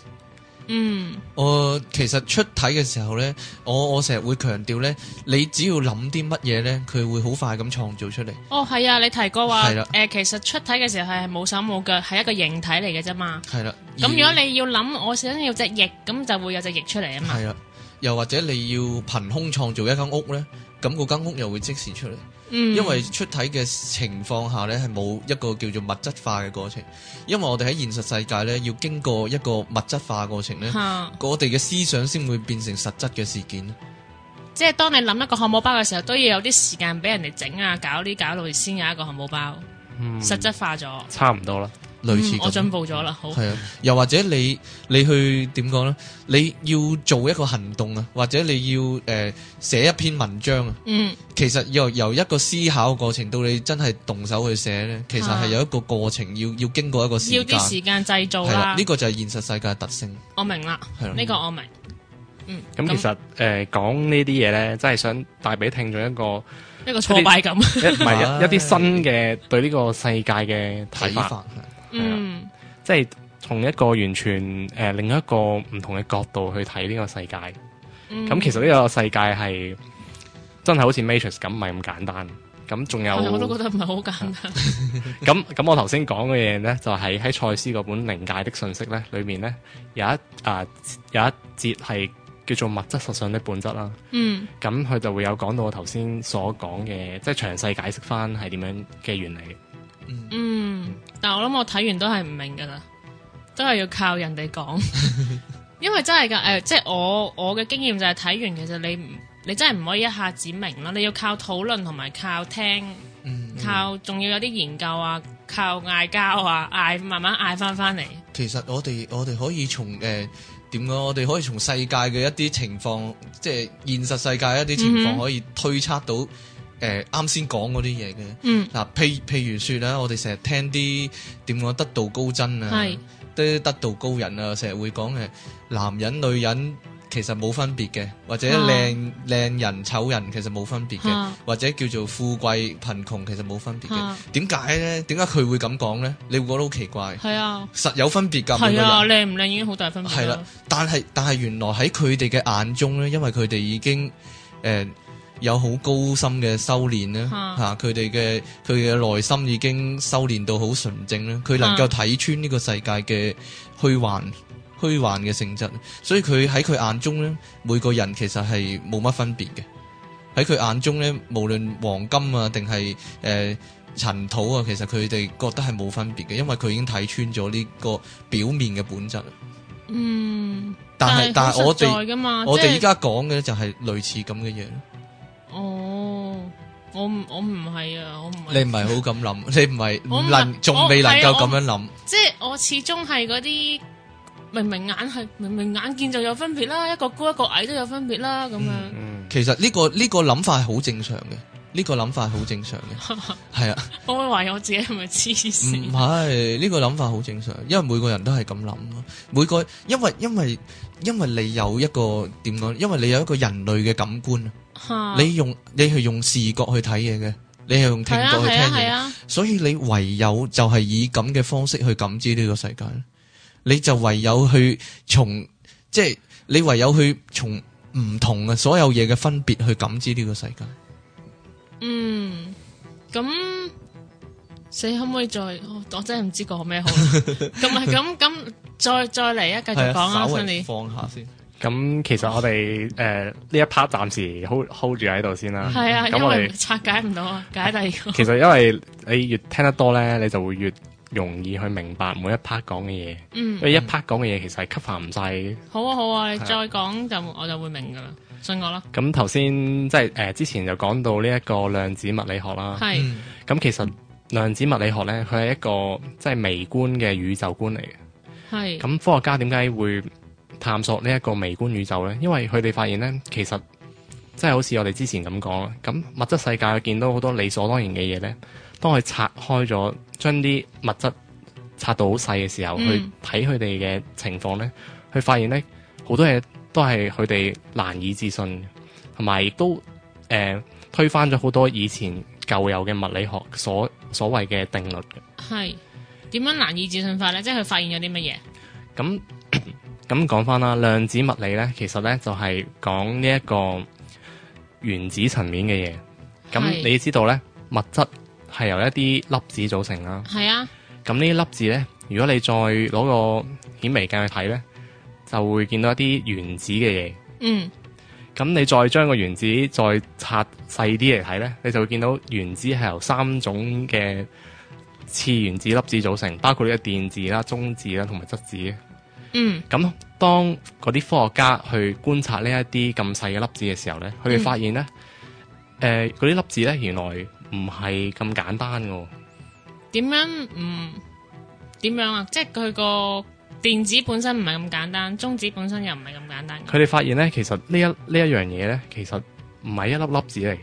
嗯，我其實出體嘅時候咧，我我成日會強調咧，你只要諗啲乜嘢咧，佢會好快咁創造出嚟。哦，係啊，你提過話，誒，其實出體嘅時候係係冇手冇腳，係一個形體嚟嘅啫嘛。係啦，咁如果你要諗，我想要隻翼，咁就會有隻翼出嚟啊嘛。係啦，又或者你要憑空創造一間屋咧，咁個間屋又會即時出嚟。因為出體嘅情況下呢，係冇一個叫做物質化嘅過程。因為我哋喺現實世界呢，要經過一個物質化過程呢，我哋嘅思想先會變成實質嘅事件。即係當你諗一個漢堡包嘅時候，都要有啲時間俾人哋整啊，搞呢搞落去先有一個漢堡包，嗯、實質化咗，差唔多啦。類似我進步咗啦，好，係啊，又或者你你去點講咧？你要做一個行動啊，或者你要誒寫一篇文章啊。嗯，其實由由一個思考過程到你真係動手去寫咧，其實係有一個過程，要要經過一個時間，要啲時間製造啦。呢個就係現實世界嘅特性。我明啦，呢個我明。嗯，咁其實誒講呢啲嘢咧，真係想帶俾聽眾一個一個挫敗感，一唔係一啲新嘅對呢個世界嘅睇法。即係從一個完全誒、呃、另一個唔同嘅角度去睇呢個世界，咁、嗯、其實呢個世界係真係好似 Matrix 咁，唔係咁簡單。咁仲有，我都覺得唔係好簡單。咁、啊、咁，我頭先講嘅嘢呢，就係喺賽斯嗰本《靈界的訊息》呢裏面呢，有一啊有一節係叫做物質實相的本質啦。嗯。咁佢就會有講到我頭先所講嘅，即係詳細解釋返係點樣嘅原理。嗯。嗯、但我諗我睇完都係唔明噶啦，都係要靠人哋講， 因為真係噶，誒、呃，即係我我嘅經驗就係睇完其實你你真係唔可以一下子明啦，你要靠討論同埋靠聽，嗯嗯靠仲要有啲研究啊，靠嗌交啊，嗌慢慢嗌翻翻嚟。其實我哋我哋可以從誒點樣，我哋可以從世界嘅一啲情況，即係現實世界嘅一啲情況可以推測到。嗯誒啱先講嗰啲嘢嘅，嗱，譬譬如説咧，我哋成日聽啲點講得道高真啊，啲得道高人啊，成日會講嘅，男人女人其實冇分別嘅，或者靚靚人醜人其實冇分別嘅，或者叫做富貴貧窮其實冇分別嘅，點解咧？點解佢會咁講咧？你會覺得好奇怪？係啊，實有分別㗎。係啊，靚唔靚已經好大分別。係啦，但係但係原來喺佢哋嘅眼中咧，因為佢哋已經誒，有好高深嘅修煉啦，吓，佢哋嘅佢嘅內心已經修煉到好純正啦，佢能夠睇穿呢個世界嘅虛幻、啊、虛幻嘅性質，所以佢喺佢眼中咧，每個人其實係冇乜分別嘅。喺佢眼中咧，無論黃金啊定係誒塵土啊，其實佢哋覺得係冇分別嘅，因為佢已經睇穿咗呢個表面嘅本質。嗯，但係但係我哋、就是、我哋依家講嘅就係類似咁嘅嘢。哦，我唔我唔係啊，我唔你唔係好咁諗，你唔係唔能仲未能夠咁樣諗，即係我始終係嗰啲明明眼係明明眼見就有分別啦，一個高一個矮都有分別啦，咁樣。其實呢個呢個諗法係好正常嘅，呢個諗法係好正常嘅，係啊。我會懷疑我自己係咪痴綫？唔係呢個諗法好正常，因為每個人都係咁諗咯。每個因為因為因為你有一個點講，因為你有一個人類嘅感官。你用你係用視覺去睇嘢嘅，你係用聽覺去聽嘢、啊啊啊啊，所以你唯有就係以咁嘅方式去感知呢個世界，你就唯有去從即係你唯有去從唔同嘅所有嘢嘅分別去感知呢個世界。嗯，咁，你可唔可以再？我真係唔知講咩好。咁咪咁咁，再再嚟一，繼續講啊，我想你。放下、啊、先放下。咁其實我哋誒呢一 part 暫時 hold hold 住喺度先啦。係啊我，因為拆解唔到啊，解第二個。其實因為你越聽得多咧，你就會越容易去明白每一 part 講嘅嘢。嗯。因為一 part 講嘅嘢其實係 cover 唔晒嘅。好啊好啊，你再講就我就會明噶啦，啊，信我啦。咁頭先即係誒、呃、之前就講到呢一個量子物理學啦。係。咁其實量子物理學咧，佢係一個即係微觀嘅宇宙觀嚟嘅。係。咁科學家點解會？探索呢一個微觀宇宙咧，因為佢哋發現咧，其實即係好似我哋之前咁講啦，咁物質世界見到好多理所當然嘅嘢咧，當佢拆開咗，將啲物質拆到好細嘅時候，嗯、去睇佢哋嘅情況咧，佢發現咧好多嘢都係佢哋難以置信，同埋亦都誒推翻咗好多以前舊有嘅物理學所所謂嘅定律嘅。係點樣難以置信法咧？即係佢發現咗啲乜嘢？咁咁講翻啦，量子物理咧，其實咧就係、係、講呢一個原子層面嘅嘢。咁你知道咧，物質係由一啲粒子組成啦。係啊。咁呢啲粒子咧，如果你再攞個顯微鏡去睇咧，就會見到一啲原子嘅嘢。嗯。咁你再將個原子再拆細啲嚟睇咧，你就會見到原子係由三種嘅次原子粒子組成，包括呢個電子啦、中子啦同埋質子。嗯，咁當嗰啲科學家去觀察呢一啲咁細嘅粒子嘅時候咧，佢哋發現咧，誒、嗯、嗰、呃、啲粒子咧原來唔係咁簡單嘅。點樣唔點、嗯、樣啊？即係佢個電子本身唔係咁簡單，中子本身又唔係咁簡單。佢哋發現咧，其實一一呢一呢一樣嘢咧，其實唔係一粒粒子嚟。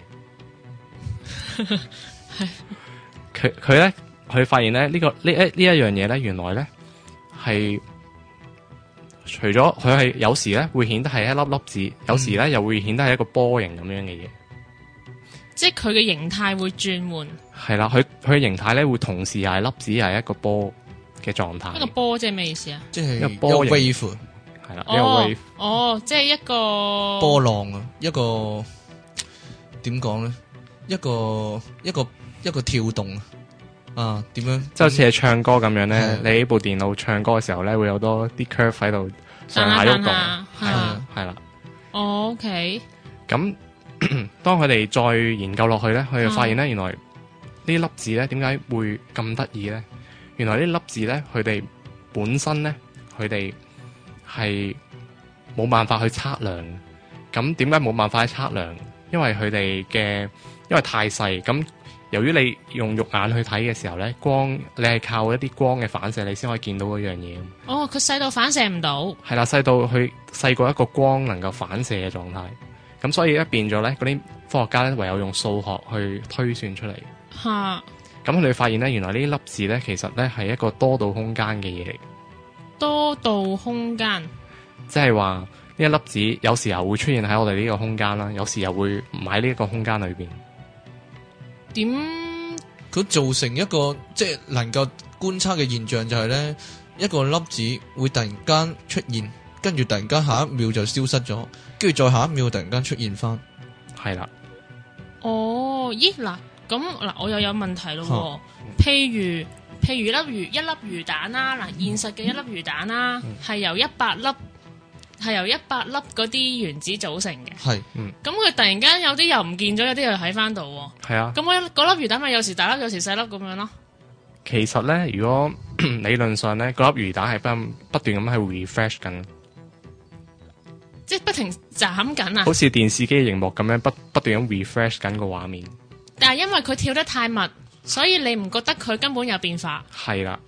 佢佢咧，佢發現咧，呢個、呢呢呢個呢一呢一樣嘢咧，原來咧係。係除咗佢係有時咧會顯得係一粒粒子，嗯、有時咧又會顯得係一個波形咁樣嘅嘢，即係佢嘅形態會轉換。係啦，佢佢嘅形態咧會同時又係粒子又係一個波嘅狀態。一個波即係咩意思啊？即係一個波形，係啦，哦，即係一個，oh, 一個, oh, 一個波浪啊，一個點講咧？一個一個一個跳動、啊。啊，點樣？即係好似係唱歌咁樣咧、嗯，你喺部電腦唱歌嘅時候咧，會有多啲 curve 喺度上下喐動，動，係啊，係啦。O K。咁、okay. 當佢哋再研究落去咧，佢哋發現咧，原來呢粒子咧，點解會咁得意咧？原來呢粒子咧，佢哋本身咧，佢哋係冇辦法去測量。咁點解冇辦法去測量？因為佢哋嘅因為太細咁。由於你用肉眼去睇嘅時候咧，光你係靠一啲光嘅反射，你先可以見到嗰樣嘢。哦，佢細到反射唔到。係啦，細到去細過一個光能夠反射嘅狀態。咁所以咧，變咗咧，嗰啲科學家咧，唯有用數學去推算出嚟。吓，咁你會發現咧，原來呢粒子咧，其實咧，係一個多度空間嘅嘢嚟。多度空間。即係話呢一粒子有時候會出現喺我哋呢個空間啦，有時候會唔喺呢一個空間裏邊。點佢造成一個即係能夠觀察嘅現象，就係呢一個粒子會突然間出現，跟住突然間下一秒就消失咗，跟住再下一秒突然間出現翻，係啦。哦，咦嗱，咁嗱，我又有問題咯。譬如，譬如粒魚一粒魚蛋啦，嗱，現實嘅一粒魚蛋啦，啊，係，嗯，由一百粒。係由一百粒嗰啲原子組成嘅。係，咁佢突然間有啲又唔見咗，嗯，有啲又喺翻度。係啊，咁我粒魚蛋咪有時大粒，有時細粒咁樣咯。其實咧，如果 理論上咧，嗰粒魚蛋係不不斷咁係 refresh 緊，即係不停眨緊啊！好似電視機熒幕咁樣不不斷咁 refresh 緊個畫面。但係因為佢跳得太密，所以你唔覺得佢根本有變化。係啦，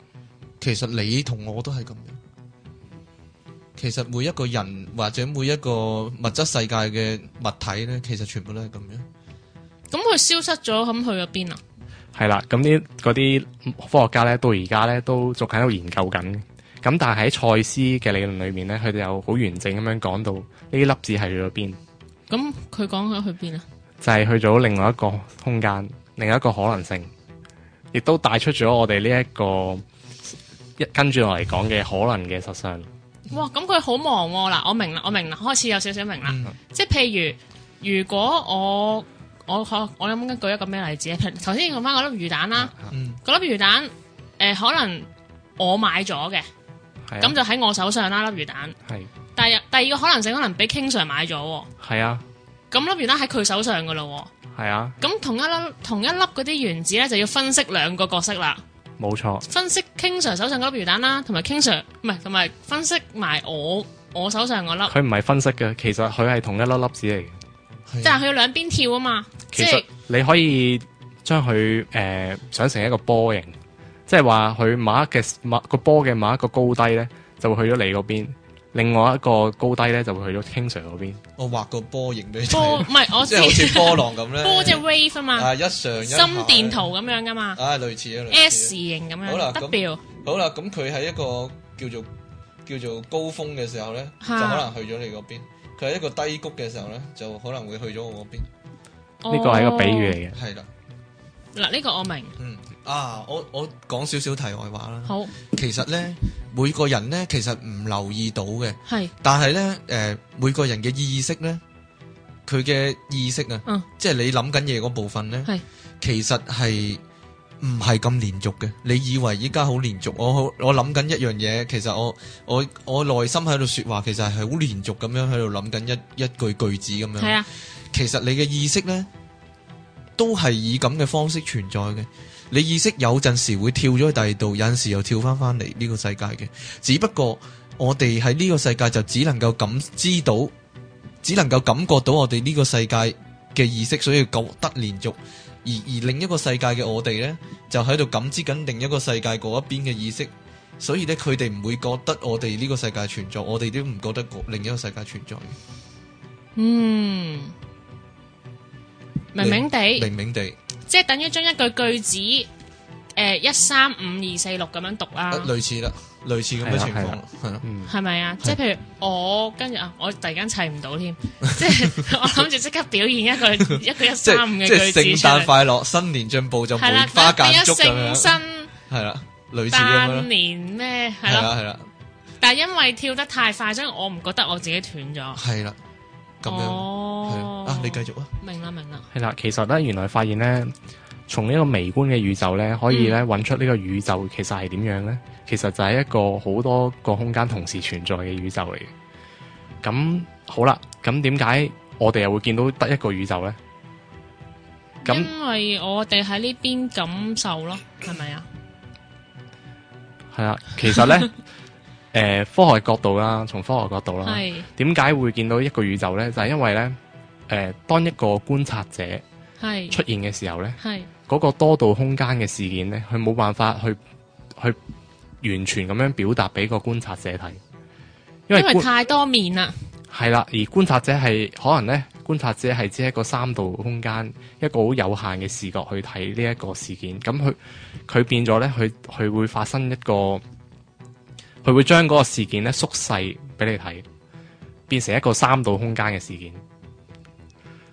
其實你同我都係咁樣。其實每一個人或者每一個物質世界嘅物體咧，其實全部都係咁樣。咁佢消失咗，咁去咗邊啊？係啦，咁呢啲科學家咧，到而家咧都仲喺度研究緊。咁但係喺賽斯嘅理論裏面咧，佢哋又好完整咁樣講到呢啲粒子係去咗邊。咁佢講咗去邊啊？就係去咗另外一個空間，另外一個可能性，亦都帶出咗我哋呢一個一跟住落嚟講嘅可能嘅實相。哇！咁佢好忙喎、啊、嗱，我明啦，我明啦，開始有少少明啦、嗯。即係譬如，如果我我我諗緊舉一個咩例子咧？譬如，頭先講翻嗰粒魚蛋啦，嗰、嗯、粒魚蛋、呃、可能我買咗嘅，咁、啊、就喺我手上啦，粒魚蛋。係。第二第二個可能性可能俾傾上買咗。係啊。咁粒魚蛋喺佢手上噶咯。係啊。咁同一粒同一粒嗰啲原子咧，就要分析兩個角色啦。冇錯，分析 King Sir 手上嗰粒魚蛋啦，同埋 King Sir 唔係，同埋分析埋我我手上嗰粒。佢唔係分析嘅，其實佢係同一粒粒子嚟嘅。係，即係佢兩邊跳啊嘛，其實、就是、你可以將佢誒想成一個波形，即係話佢某一嘅，某一個波嘅某，某一個高低咧，就會去咗你嗰邊。另外一個高低咧，就會去咗傾斜嗰邊。我畫個波形俾你睇。波唔係我即係好似波浪咁咧。波即係 wave 啊嘛。係一上一下。心電圖咁樣噶嘛。啊，類似啊，類似。S 型咁樣。好啦，double。好啦，咁佢喺一個叫做叫做高峰嘅時候咧，就可能去咗你嗰邊。佢喺一個低谷嘅時候咧，就可能會去咗我嗰邊。呢個係一個比喻嚟嘅。係啦。嗱，呢個我明。嗯。啊！我我講少少題外話啦。好，其實咧，每個人咧，其實唔留意到嘅。係。但係咧，誒、呃，每個人嘅意識咧，佢嘅意識啊，嗯、即係你諗緊嘢嗰部分咧，係。其實係唔係咁連續嘅。你以為依家好連續，我好我諗緊一樣嘢，其實我我我內心喺度說話，其實係好連續咁樣喺度諗緊一一句句子咁樣。係啊。其實你嘅意識咧，都係以咁嘅方式存在嘅。你意識有陣時會跳咗去第二度，有陣時又跳翻翻嚟呢個世界嘅。只不過我哋喺呢個世界就只能夠感知到，只能夠感覺到我哋呢個世界嘅意識，所以覺得連續。而而另一個世界嘅我哋呢，就喺度感知緊另一個世界嗰一邊嘅意識，所以呢，佢哋唔會覺得我哋呢個世界存在，我哋都唔覺得另一個世界存在嘅。嗯，明明地，明明地。即係等於將一句句子，誒，一三五二四六咁樣讀啦、啊呃。類似啦，類似咁嘅情況，係咯。係咪啊？即係、啊啊啊啊啊啊啊、譬如我跟住啊，我突然間砌唔到添。即係我諗住即刻表現一句，一句一三五嘅句子出嚟。聖誕快樂，新年進步就梅花間竹咁樣。係啦、啊，類似咁樣。新年咩？係啦係啦。但係、啊啊啊、因為跳得太快，所以我唔覺得我自己斷咗。係啦、啊，咁樣、哦。繼續啊！明啦，明啦。係啦，其實咧，原來發現咧，從呢個微觀嘅宇宙咧，可以咧、嗯、搵出呢個宇宙其實係點樣咧？其實就係一個好多個空間同時存在嘅宇宙嚟嘅。咁好啦，咁點解我哋又會見到得一個宇宙咧？咁因為我哋喺呢邊感受咯，係咪 啊？係啊，其實咧，誒、 呃，科學角度啦，從科學角度啦，係點解會見到一個宇宙咧？就係、是、因為咧。誒、呃，當一個觀察者出現嘅時候咧，嗰、那個多度空間嘅事件咧，佢冇辦法去去完全咁樣表達俾個觀察者睇，因為太多面啦。係、嗯、啦，而觀察者係可能咧，觀察者係只係一個三度空間，一個好有限嘅視角去睇呢一個事件。咁佢佢變咗咧，佢佢會發生一個，佢會將嗰個事件咧縮細俾你睇，變成一個三度空間嘅事件。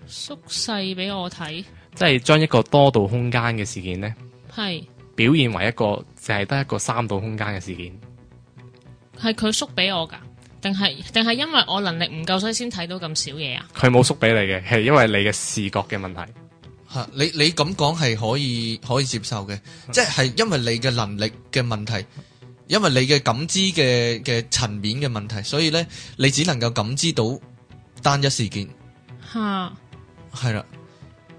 縮細俾我睇，即係將一個多度空間嘅事件呢，係表現為一個淨係得一個三度空間嘅事件，係佢縮俾我噶，定係定係因為我能力唔夠所以先睇到咁少嘢啊？佢冇縮俾你嘅，係因為你嘅視覺嘅問題。吓、嗯，你你咁講係可以可以接受嘅，即 係因為你嘅能力嘅問題，因為你嘅感知嘅嘅層面嘅問題，所以呢，你只能夠感知到單一事件。吓。係啦，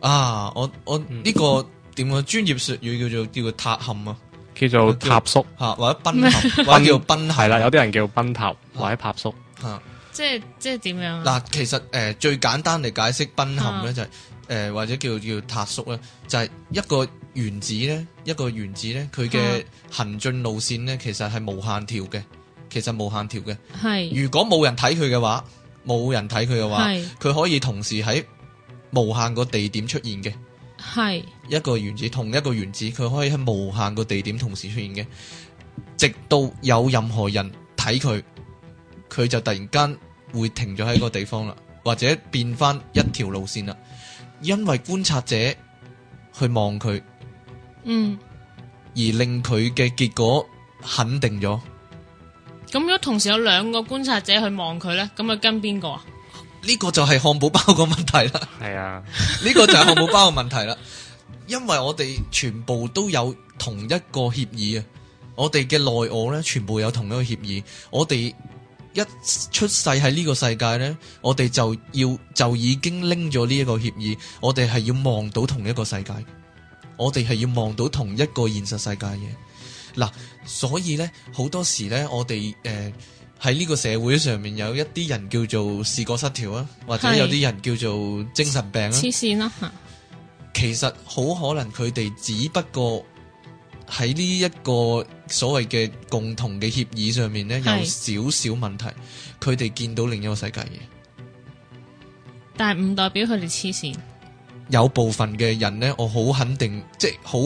啊，我我呢、嗯這個點樣專業術語叫做叫做塌陷啊，叫做塌縮吓，或者崩陷，或者叫崩係啦，有啲人叫崩塌、啊、或者塌縮，吓、啊，即係即係點樣嗱、啊，其實誒、呃、最簡單嚟解釋崩陷咧、啊，就係、是、誒、呃、或者叫叫塌縮咧，就係、是、一個原子咧，一個原子咧，佢嘅行進路線咧，其實係無限條嘅，其實無限條嘅。係如果冇人睇佢嘅話，冇人睇佢嘅話，佢可以同時喺無限個地點出現嘅，係一個原子，同一個原子佢可以喺無限個地點同時出現嘅，直到有任何人睇佢，佢就突然間會停咗喺個地方啦，或者變翻一條路綫啦，因為觀察者去望佢，嗯，而令佢嘅結果肯定咗。咁、嗯、如果同時有兩個觀察者去望佢呢，咁佢跟邊個啊？呢個就係漢堡包個問題啦，係啊，呢個就係漢堡包個問題啦，因為我哋全部都有同一個協議啊，我哋嘅內我呢，全部有同一個協議，我哋一出世喺呢個世界呢，我哋就要就已經拎咗呢一個協議，我哋係要望到同一個世界，我哋係要望到同一個現實世界嘅，嗱，所以呢，好多時呢，我哋誒。喺呢個社會上面有一啲人叫做視覺失調啊，或者有啲人叫做精神病啊，黐線啦！其實好可能佢哋只不過喺呢一個所謂嘅共同嘅協議上面呢，有少少問題，佢哋見到另一個世界嘅，但係唔代表佢哋黐線。有部分嘅人呢，我好肯定，即係好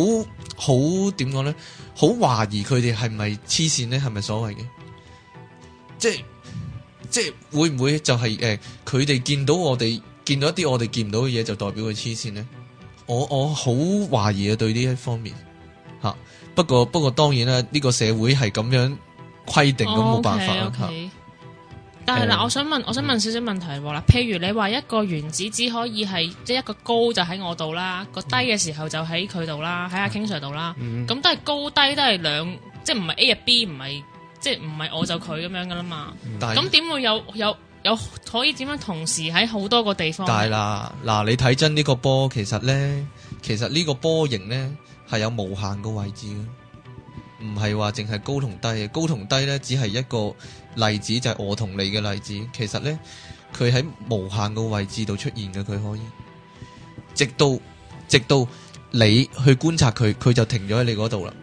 好點講呢？好懷疑佢哋係咪黐線呢？係咪所謂嘅？即係即係會唔會就係誒佢哋見到我哋見到一啲我哋見唔到嘅嘢，就代表佢黐線咧？我我好懷疑啊對呢一方面吓、啊，不過不過當然啦，呢、這個社會係咁樣規定咁冇辦法、oh, okay, okay. 啊、但係嗱、嗯，我想問我想問少少問題啦、啊嗯。譬如你話一個原子只可以係即係一個高就喺我度啦，個低嘅時候就喺佢度啦，喺阿 King Sir 度啦，咁、嗯、都係高低都係兩即係唔係 A 啊 B 唔係。即係唔係我就佢咁樣噶啦嘛，咁點會有有有可以點樣同時喺好多個地方呢？大啦，嗱，你睇真呢個波，其實咧，其實呢個波形咧係有無限個位置嘅，唔係話淨係高同低嘅，高同低咧只係一個例子，就係我同你嘅例子。其實咧，佢喺無限個位置度出現嘅，佢可以直到直到你去觀察佢，佢就停咗喺你嗰度啦。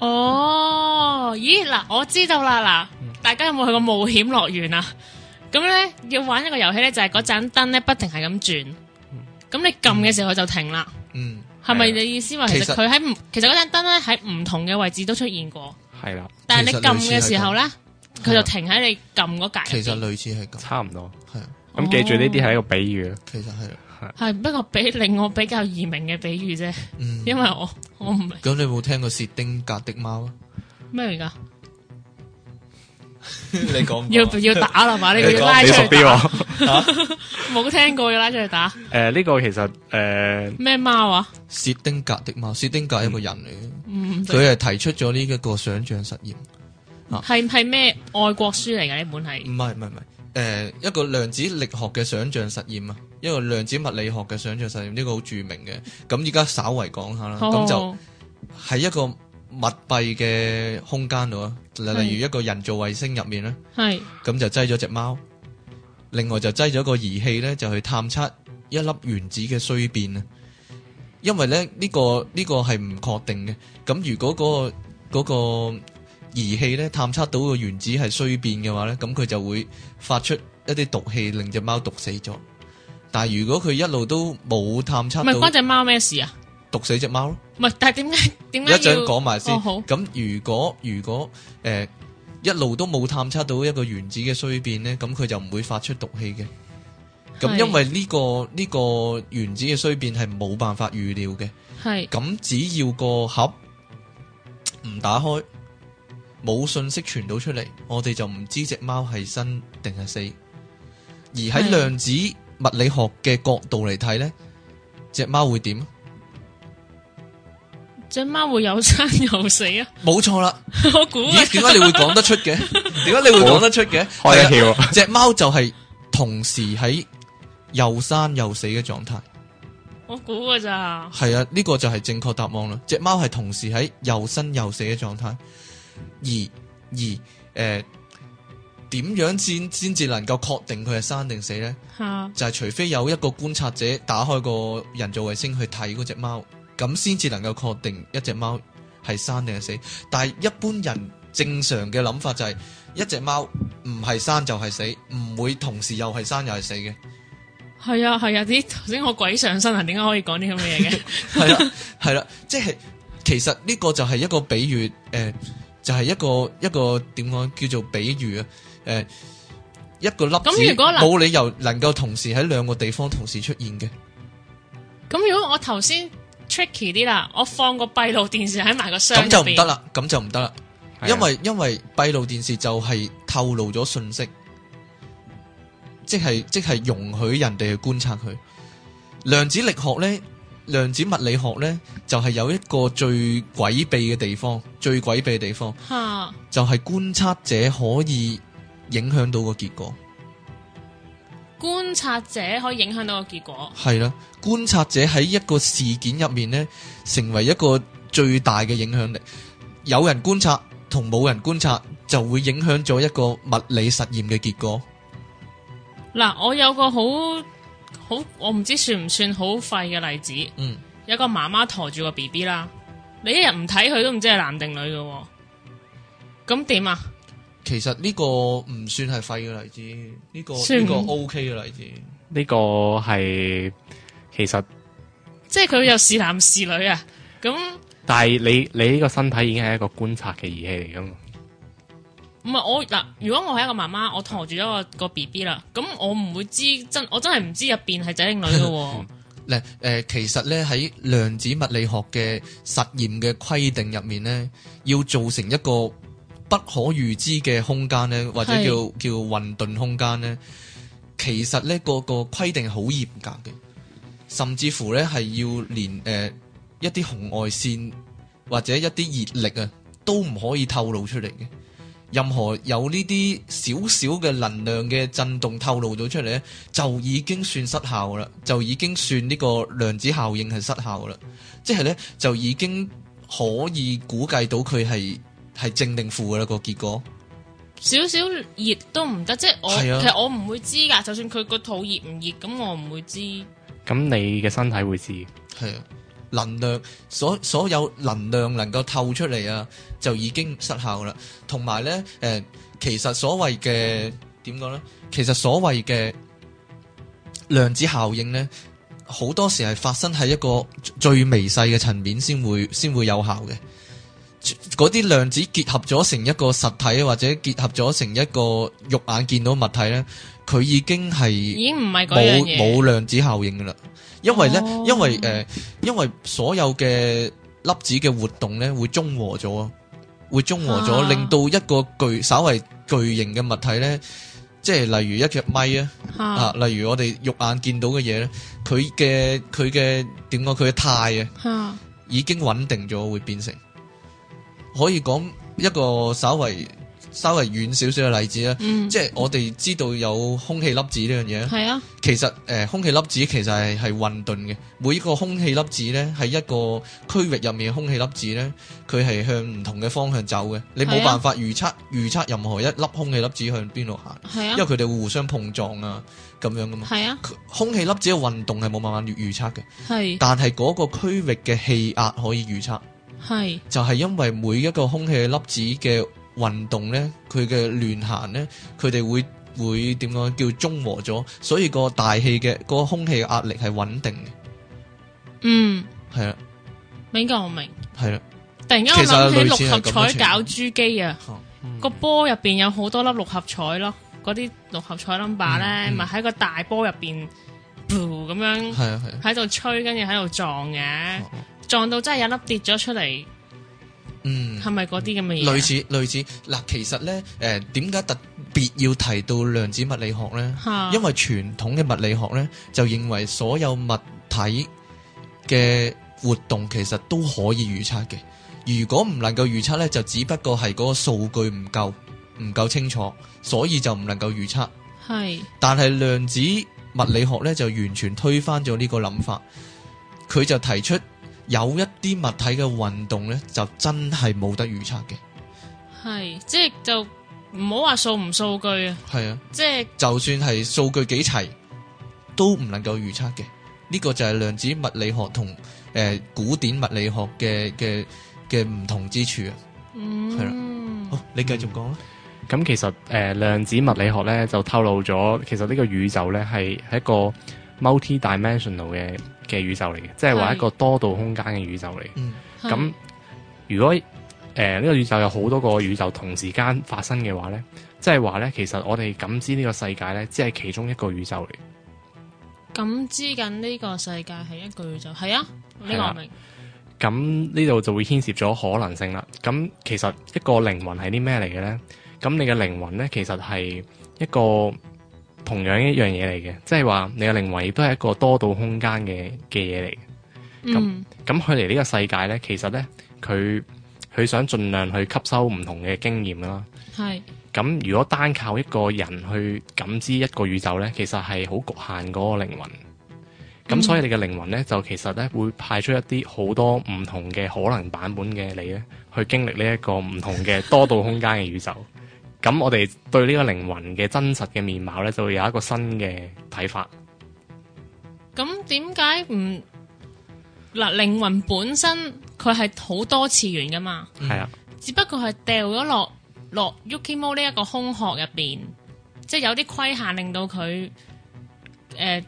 哦，咦嗱，我知道啦嗱，大家有冇去過冒險樂園啊？咁、嗯、咧 要玩一個遊戲咧，就係嗰盞燈咧不停係咁轉，咁你撳嘅時候佢就停啦。嗯，係咪你、嗯嗯、是是意思話其實佢喺其實嗰盞燈咧喺唔同嘅位置都出現過？係啦，但係你撳嘅時候咧，佢就停喺你撳嗰界。其實類似係咁，差唔多。係，咁記住呢啲係一個比喻、哦。其實係。係不過比令我比較易明嘅比喻啫、嗯，因為我我唔明咁、嗯、你有冇聽過薛丁格的貓啊？咩嚟噶？你講要要打啦嘛？呢個要拉出去打，冇、啊、 聽過要拉出去打。誒、呃，呢、這個其實誒咩貓啊？薛丁格的貓，薛丁格係一個人嚟嘅，佢、嗯、係提出咗呢一個想象實驗啊。係係咩外國書嚟嘅呢本係？係唔係唔係唔係？誒、呃，一個量子力學嘅想象實驗啊，一個量子物理學嘅想象實驗呢、呢個好著名嘅，咁而家稍為講下啦，咁、哦、就喺一個密閉嘅空間度啊，例如一個人造衛星入面咧，咁就擠咗隻貓，另外就擠咗個儀器咧，就去探測一粒原子嘅衰變啊，因為咧呢、呢個呢、呢個係唔確定嘅，咁如果嗰、嗰個個。嗰個儀器咧探測到個原子係衰變嘅話咧，咁佢就會發出一啲毒氣，令隻貓毒死咗。但係如果佢一路都冇探測到，唔係關隻貓咩事啊？毒死隻貓咯。唔係，但係點解點解一陣講埋先。好。咁、哦、如果如果誒、呃、一路都冇探測到一個原子嘅衰變咧，咁佢就唔會發出毒氣嘅。咁因為呢、這個呢、這個原子嘅衰變係冇辦法預料嘅。係。咁只要個盒唔打開。冇信息傳到出嚟，我哋就唔知隻貓係生定係死。而喺量子物理學嘅角度嚟睇咧，隻貓會點？隻貓會有生有死啊！冇錯啦，我估啊，點解你會講得出嘅？點解你會講得出嘅？係啊，隻貓就係同時喺又生又死嘅狀態。我估噶咋？係啊，呢個就係正確答案啦。隻貓係同時喺又生又死嘅狀態。而而誒，點、呃、樣先先至能夠確定佢係生定死呢？吓、啊、就係、是、除非有一個觀察者打開個人造衛星去睇嗰隻貓，咁先至能夠確定一隻貓係生定係死。但係一般人正常嘅諗法就係、是、一隻貓唔係生就係死，唔會同時又係生又係死嘅。係啊係啊，啲頭先我鬼上身 啊，點解可以講啲咁嘅嘢嘅？係啦係啦，即係其實呢個就係一個比喻誒。呃就係、是、一個一個點講叫做比喻啊，誒、欸、一個粒子如果冇理由能夠同時喺兩個地方同時出現嘅。咁如果我頭先 tricky 啲啦，我放個閉路電視喺埋個箱度，咁就唔得啦，咁就唔得啦，因為因為閉路電視就係透露咗信息，即係即係容許人哋去觀察佢。量子力學咧。量子物理學呢，就係有一個最詭秘嘅地方，最詭秘嘅地方，就係觀察者可以影響到個結果。觀察者可以影響到個結果，係啦。觀察者喺一個事件入面呢，成為一個最大嘅影響力。有人觀察同冇人觀察，就會影響咗一個物理實驗嘅結果。嗱，我有個好。好，我唔知算唔算好廢嘅例子。嗯，有個媽媽馱住個 BB 啦，你一日唔睇佢都唔知係男定女嘅。咁點啊？其實呢個唔算係廢嘅例子，呢個算個 OK 嘅例子。呢個係其實即係佢有是男是女啊。咁但係你你呢個身體已經係一個觀察嘅儀器嚟噶嘛？唔係我嗱，如果我係一個媽媽，我拖住咗個個 B B 啦，咁我唔會知真，我真係唔知入邊係仔定女嘅喎。哦。嗱，誒，其實咧喺量子物理學嘅實驗嘅規定入面咧，要造成一個不可預知嘅空間咧，或者叫叫混沌空間咧，其實咧個個規定好嚴格嘅，甚至乎咧係要連誒、呃、一啲紅外線或者一啲熱力啊，都唔可以透露出嚟嘅。任何有呢啲少少嘅能量嘅震動透露咗出嚟咧，就已經算失效啦，就已經算呢個量子效應係失效啦，即係咧就已經可以估計到佢係係正定負嘅啦個結果。少少熱都唔得，即係我、啊、其實我唔會知噶，就算佢個肚熱唔熱，咁我唔會知。咁你嘅身體會知。係啊。能量，所所有能量能夠透出嚟啊，就已經失效啦。同埋咧，誒，其實所謂嘅點講咧，其實所謂嘅量子效應咧，好多時係發生喺一個最微細嘅層面先會先會有效嘅。嗰啲量子結合咗成一個實體，或者結合咗成一個肉眼見到嘅物體咧，佢已經係，已經唔係嗰樣嘢，冇冇量子效應噶啦。因為咧，因為誒，因為所有嘅粒子嘅活動咧，會中和咗，會中和咗，令到一個巨稍為巨型嘅物體咧，即係例如一隻咪啊，啊，例如我哋肉眼見到嘅嘢咧，佢嘅佢嘅點講，佢嘅態啊，已經穩定咗，會變成可以講一個稍為。稍微遠少少嘅例子啦，嗯，即係我哋知道有空氣粒子呢樣嘢。係啊，其實誒、呃，空氣粒子其實係係混沌嘅。每一個空氣粒子咧，喺一個區域入面，嘅空氣粒子咧，佢係向唔同嘅方向走嘅。你冇辦法預測預測任何一粒空氣粒子向邊度行。係啊，因為佢哋會互相碰撞啊，咁樣噶嘛。係啊，空氣粒子嘅運動係冇辦法預預測嘅。係，但係嗰個區域嘅氣壓可以預測。係，就係、是、因為每一個空氣粒子嘅運動咧，佢嘅亂行咧，佢哋會會點講？叫中和咗，所以個大氣嘅個空氣嘅壓力係穩定嘅。嗯，係啊，明噶，我明。係啦，突然間我諗起六合彩搞珠機啊，個波入面有好多粒六合彩咯，嗰啲六合彩 number 咧，咪、嗯、喺、嗯、個大波入邊，咁、嗯、樣喺度、啊啊、吹，跟住喺度撞嘅、嗯，撞到真係有粒跌咗出嚟。嗯，係咪嗰啲咁嘅嘢？類似類似。嗱，其實呢，誒，點解特別要提到量子物理學呢？因為傳統嘅物理學呢，就認為所有物體嘅活動其實都可以預測嘅。如果唔能夠預測呢，就只不過係嗰個數據唔夠，唔夠清楚，所以就唔能夠預測。係。但係量子物理學呢，就完全推翻咗呢個諗法。佢就提出。有一啲物體嘅運動咧，就真係冇得預測嘅。係，即係就唔好話數唔數據啊。係、就、啊、是，即係就算係數據幾齊，都唔能夠預測嘅。呢、這個就係量子物理學同誒、呃、古典物理學嘅嘅嘅唔同之處啊。嗯，係啦、啊。好，你繼續講啦。咁、嗯、其實誒、呃、量子物理學咧，就透露咗其實呢個宇宙咧係係一個 multi-dimensional 嘅嘅宇宙嚟嘅，即係話一個多度空間嘅宇宙嚟嘅。咁如果誒呢個宇宙有好多個宇宙同時間發生嘅話呢，即係話呢，其實我哋感知呢個世界呢，只係其中一個宇宙嚟。感知緊呢個世界係一個宇宙，係啊，呢個我明。咁呢度就會牽涉咗可能性啦。咁其實一個靈魂係啲咩嚟嘅呢？咁你嘅靈魂呢，其實係一個。同樣一樣嘢嚟嘅，即係話你嘅靈魂亦都係一個多度空間嘅嘅嘢嚟。咁咁佢嚟呢個世界呢，其實呢，佢佢想盡量去吸收唔同嘅經驗啦。係。咁如果單靠一個人去感知一個宇宙呢，其實係好局限嗰個靈魂。咁、嗯、所以你嘅靈魂呢，就其實呢會派出一啲好多唔同嘅可能版本嘅你呢，去經歷呢一個唔同嘅多度空間嘅宇宙。 咁我哋對呢個靈魂嘅真實嘅面貌呢，就會有一個新嘅睇法。咁點解唔嗱？靈魂本身佢係好多次元噶嘛，係啊，只不過係掉咗落落 Yukimo 呢一個空殼入邊，即係有啲規限令到佢誒、呃，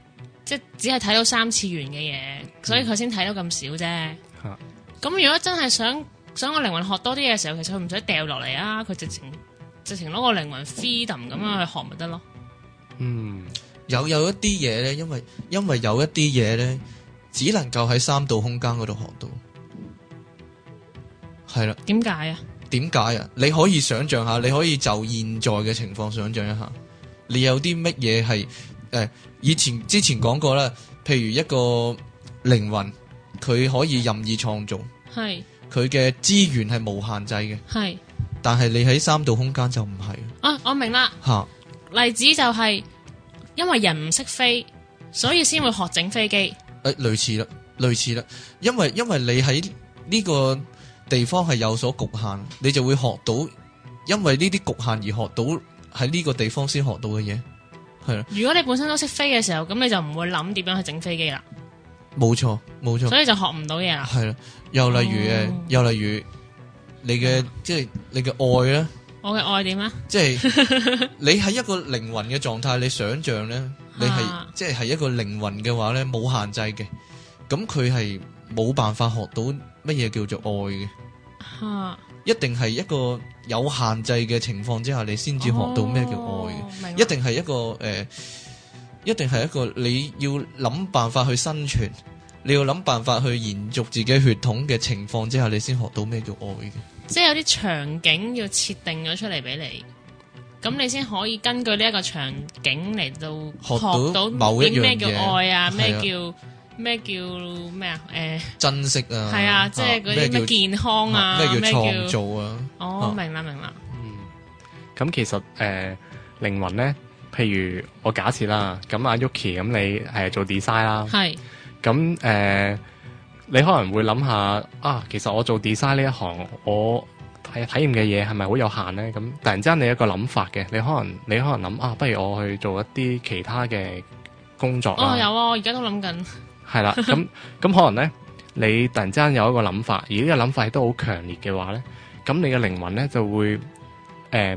即只係睇到三次元嘅嘢，所以佢先睇到咁少啫。咁、嗯、如果真係想想我靈魂學多啲嘢嘅時候，其實佢唔使掉落嚟啊，佢直情。直情攞個靈魂 freedom 咁樣去學咪得咯？嗯，有有一啲嘢咧，因為因為有一啲嘢咧，只能夠喺三度空間嗰度學到，係啦。點解啊？點解啊？你可以想象下，你可以就現在嘅情況想象一下，你有啲乜嘢係誒？以前之前講過啦，譬如一個靈魂，佢可以任意創造，係佢嘅資源係無限制嘅，係。但係你喺三度空間就唔係啊！我明啦。吓，例子就係因為人唔識飛，所以先會學整飛機。誒，類似啦，類似啦。因為因為你喺呢個地方係有所局限，你就會學到因為呢啲局限而學到喺呢個地方先學到嘅嘢，係啦。如果你本身都識飛嘅時候，咁你就唔會諗點樣去整飛機啦。冇錯，冇錯。所以就學唔到嘢啦。係啦，又例如誒，又例如。你嘅即係你嘅愛咧，我嘅愛點咧？即、就、係、是、你喺一個靈魂嘅狀態，你想象咧， 你係即係係一個靈魂嘅話咧，冇限制嘅，咁佢係冇辦法學到乜嘢叫做愛嘅。吓 一定係一個有限制嘅情況之下，你先至學到咩叫愛嘅、哦。一定係一個誒、呃，一定係一個你要諗辦法去生存，你要諗辦法去延續自己血統嘅情況之下，你先學到咩叫愛嘅。即係有啲場景要設定咗出嚟俾你，咁你先可以根據呢一個場景嚟到學到點咩叫愛啊？咩叫咩叫咩啊？誒、欸，珍惜啊！係啊，即係嗰啲咩健康啊？咩叫創造啊？哦，明啦，明啦。嗯，咁其實誒，靈魂咧，譬如我假設啦，咁阿 Yuki，咁你係、呃、做 design 啦、啊，係，咁誒。呃你可能會諗下啊，其實我做 design 呢一行，我體體驗嘅嘢係咪好有限呢？咁突然之間你有一個諗法嘅，你可能你可能諗啊，不如我去做一啲其他嘅工作。哦，有啊、哦，我而家都諗緊。係 啦，咁咁可能呢，你突然之間有一個諗法，而呢個諗法亦都好強烈嘅話呢，咁你嘅靈魂呢就會誒、呃、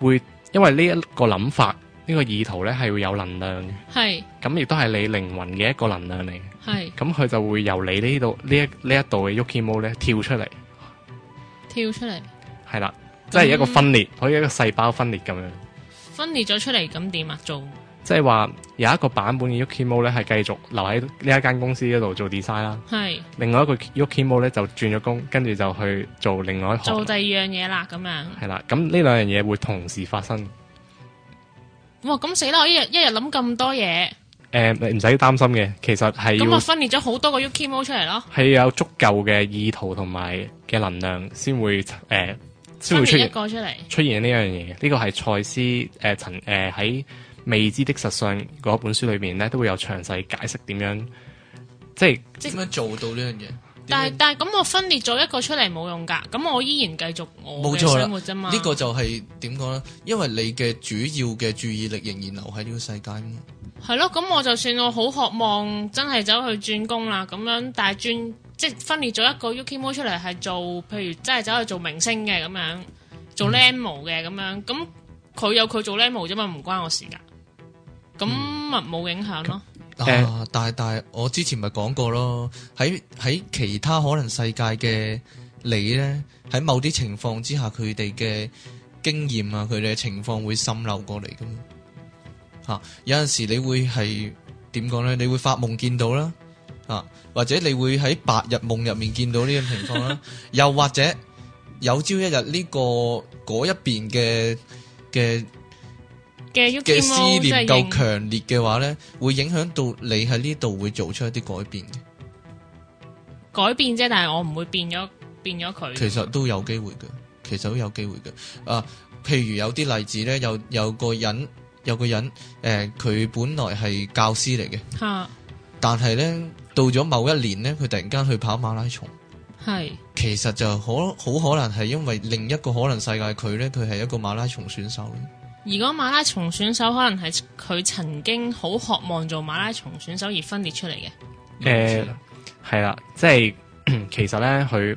會，因為呢一個諗法，呢、呢個意圖呢係會有能量嘅。係。咁亦都係你靈魂嘅一個能量嚟。係，咁佢就會由你一一呢度呢一呢一度嘅 Yukimo 咧跳出嚟，跳出嚟，係啦，即係一個分裂，可、嗯、以一個細胞分裂咁樣，分裂咗出嚟咁點啊做？即係話有一個版本嘅 Yukimo 咧係繼續留喺呢一間公司嗰度做 design 啦，係，另外一個 Yukimo 咧就轉咗工，跟住就去做另外一行做第二樣嘢啦，咁樣，係啦，咁呢兩樣嘢會同時發生。哇，咁死啦！我一日一日諗咁多嘢。誒、嗯，唔使擔心嘅，其實係咁我分裂咗好多個 UkiMo 出嚟咯，係有足夠嘅意圖同埋嘅能量，先會誒，先會出現一個出嚟，出現呢樣嘢。呢個係賽斯誒陳誒喺《呃呃、未知的實相》嗰本書裏面咧，都會有詳細解釋點樣，即係點樣做到呢樣嘢。但係但係咁，我分裂咗一個出嚟冇用噶，咁我依然繼續我嘅生活啫嘛。呢、這個就係點講咧？因為你嘅主要嘅注意力仍然留喺呢個世界係咯，咁我就算我好渴望真係走去轉工啦，咁樣，但係轉即分裂咗一個 Uki Mo 出嚟，係做譬如真係走去做明星嘅咁樣，做 Lemon 嘅咁樣，咁、嗯、佢有佢做 Lemon 啫嘛，唔關我的事噶，咁咪冇影響咯、嗯啊。但係但係，我之前咪講過咯，喺喺其他可能世界嘅你呢，喺某啲情況之下，佢哋嘅經驗啊，佢哋嘅情況會滲漏過嚟。噶啊！有陣時你會係點講咧？你會發夢見到啦，啊，或者你會喺白日夢入面見到呢種情況啦。 又或者有朝一日呢個嗰一邊嘅嘅嘅思念夠強烈嘅話咧，會影響到你喺呢度會做出一啲改變嘅。改變啫，但係我唔會變咗變咗佢。其實都有機會嘅，其實都有機會嘅。啊，譬如有啲例子咧，有有個人。有個人誒，佢、呃、本來係教師嚟嘅，但係呢，到咗某一年呢，佢突然間去跑馬拉松。係，其實就可好可能係因為另一個可能世界，佢呢，佢係一個馬拉松選手。如果馬拉松選手可能係佢曾經好渴望做馬拉松選手而分裂出嚟嘅。誒，係、呃、啦，即係其實呢，佢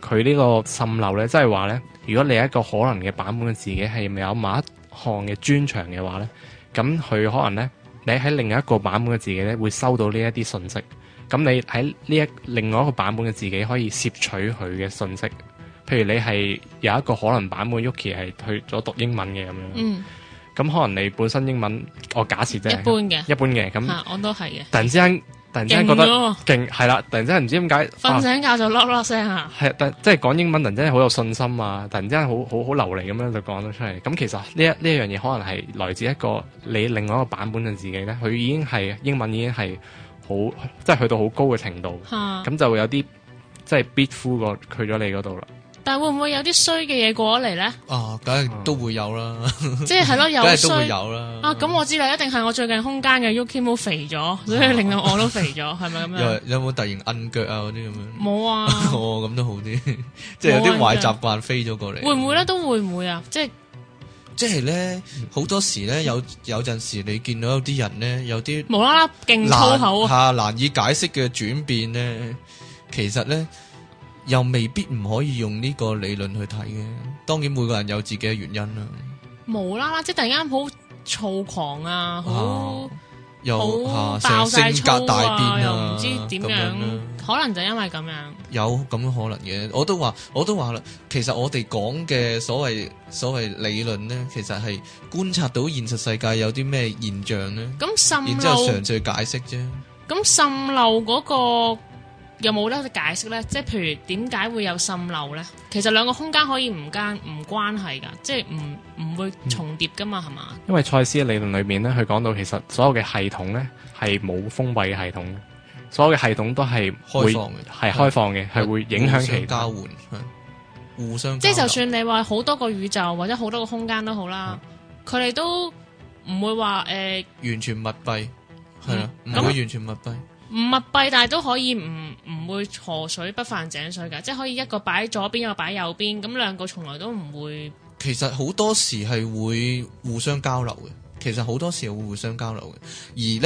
佢呢個滲漏呢，即係話呢，如果你一個可能嘅版本嘅自己係咪有馬。行嘅專長嘅話呢，咁佢可能呢，你喺另一個版本嘅自己呢，會收到呢一啲信息。咁你喺呢一另外一個版本嘅自己可以攝取佢嘅信息。譬如你係有一個可能版本，Yuki 係去咗讀英文嘅咁樣。嗯。咁可能你本身英文，我假設啫。一般嘅。一般嘅。咁、啊。我都係嘅。突然之突然之間覺得勁係啦！突然之間唔知點解瞓醒覺就咯咯聲啊！係，但即係講英文，突然之間好有信心啊！突然之間好好好流利咁樣就講咗出嚟。咁其實呢一呢一樣嘢，可能係來自一個你另外一個版本嘅自己咧。佢已經係英文已經係好即係去到好高嘅程度，咁、啊、就會有啲即係 bit full 嗰個去咗你嗰度啦。但會唔會有啲衰嘅嘢過嚟咧？啊，梗係都會有啦！即係係咯，有衰，梗係都會有啦。啊，咁我知啦，一定係我最近空間嘅 Yukimo 肥咗，啊，所以令到我都肥咗，係咪咁樣？有冇突然摁腳啊嗰啲咁樣？冇啊！哦，咁都好啲，即 係有啲壞習慣飛咗過嚟，啊。會唔會咧？都會唔會啊？即係即係咧，好，就是，多時咧有有陣時你見到有啲人咧，有啲無啦啦，勁粗口啊，難以解釋嘅轉變咧，其實咧，又未必唔可以用呢個理論去睇嘅，當然每個人有自己嘅原因啦。無啦啦，即係突然間好躁狂啊，好，有、啊、性格大變啊，又唔知點樣，樣、啊，可能就因為咁樣。有咁可能嘅，我都話，我都話啦，其實我哋講嘅所謂所謂理論咧，其實係觀察到現實世界有啲咩現象咧，咁然之後嘗試解釋啫。咁滲漏嗰個。有冇得解釋咧？即係譬如點解會有滲漏咧？其實兩個空間可以唔關唔關係噶，即係唔唔會重疊噶嘛，係、嗯、嘛？因為賽斯嘅理論裏面咧，佢講到其實所有嘅系統咧係冇封閉嘅系統，所有嘅系統都係開放嘅，係開放嘅，係會影響其交換、互相。互相即係就算你話好多個宇宙或者好多個空間都好啦，佢、嗯、哋都唔會話誒、呃、完全密閉，係、嗯、啊，唔會完全密閉。唔密閉，但係都可以唔唔會河水不犯井水噶，即係可以一個擺左邊，一個擺右邊，咁兩個從來都唔會。其實好多時係會互相交流嘅，其實好多時會互相交流嘅。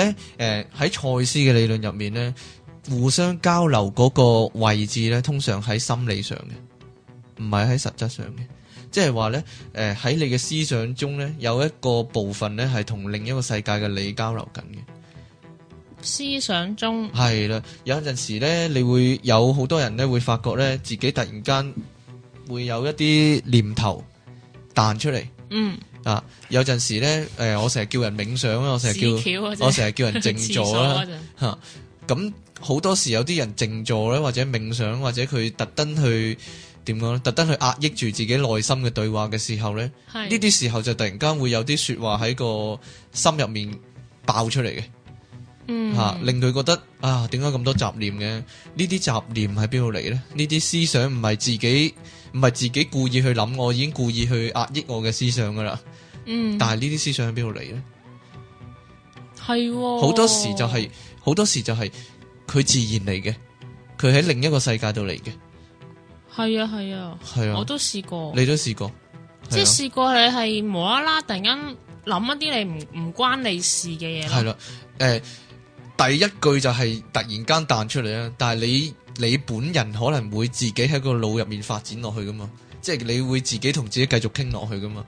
而呢，誒喺賽斯嘅理論入面呢，互相交流嗰個位置呢，通常喺心理上嘅，唔係喺實質上嘅。即係話呢，誒、呃、喺你嘅思想中呢，有一個部分呢，係同另一個世界嘅你交流緊嘅。思想中係啦，有陣時咧，你會有好多人咧，會發覺咧，自己突然間會有一啲念頭彈出嚟。嗯，啊，有陣時咧，誒，我成日叫人冥想啦，我成日叫我成日叫人靜坐啦。吓，咁、啊、好多時有啲人靜坐咧，或者冥想，或者佢特登去點講咧？特登去壓抑住自己內心嘅對話嘅時候咧，呢啲時候就突然間會有啲說話喺個心入面爆出嚟嘅。嗯吓，令佢覺得啊，點解咁多雜念嘅？呢啲雜念喺邊度嚟咧？呢啲思想唔係自己唔係自己故意去諗，我已經故意去壓抑我嘅思想噶啦。嗯，但係呢啲思想喺邊度嚟咧？係好多時就係好多時就係佢自然嚟嘅，佢喺另一個世界度嚟嘅。係啊，係啊，係啊，我都試過，你都試過，即係試過你係無啦啦突然間諗一啲你唔唔關你事嘅嘢，係啦，誒。第一句就係突然間彈出嚟啦，但係你你本人可能會自己喺個腦入面發展落去噶嘛，即係你會自己同自己繼續傾落去噶嘛，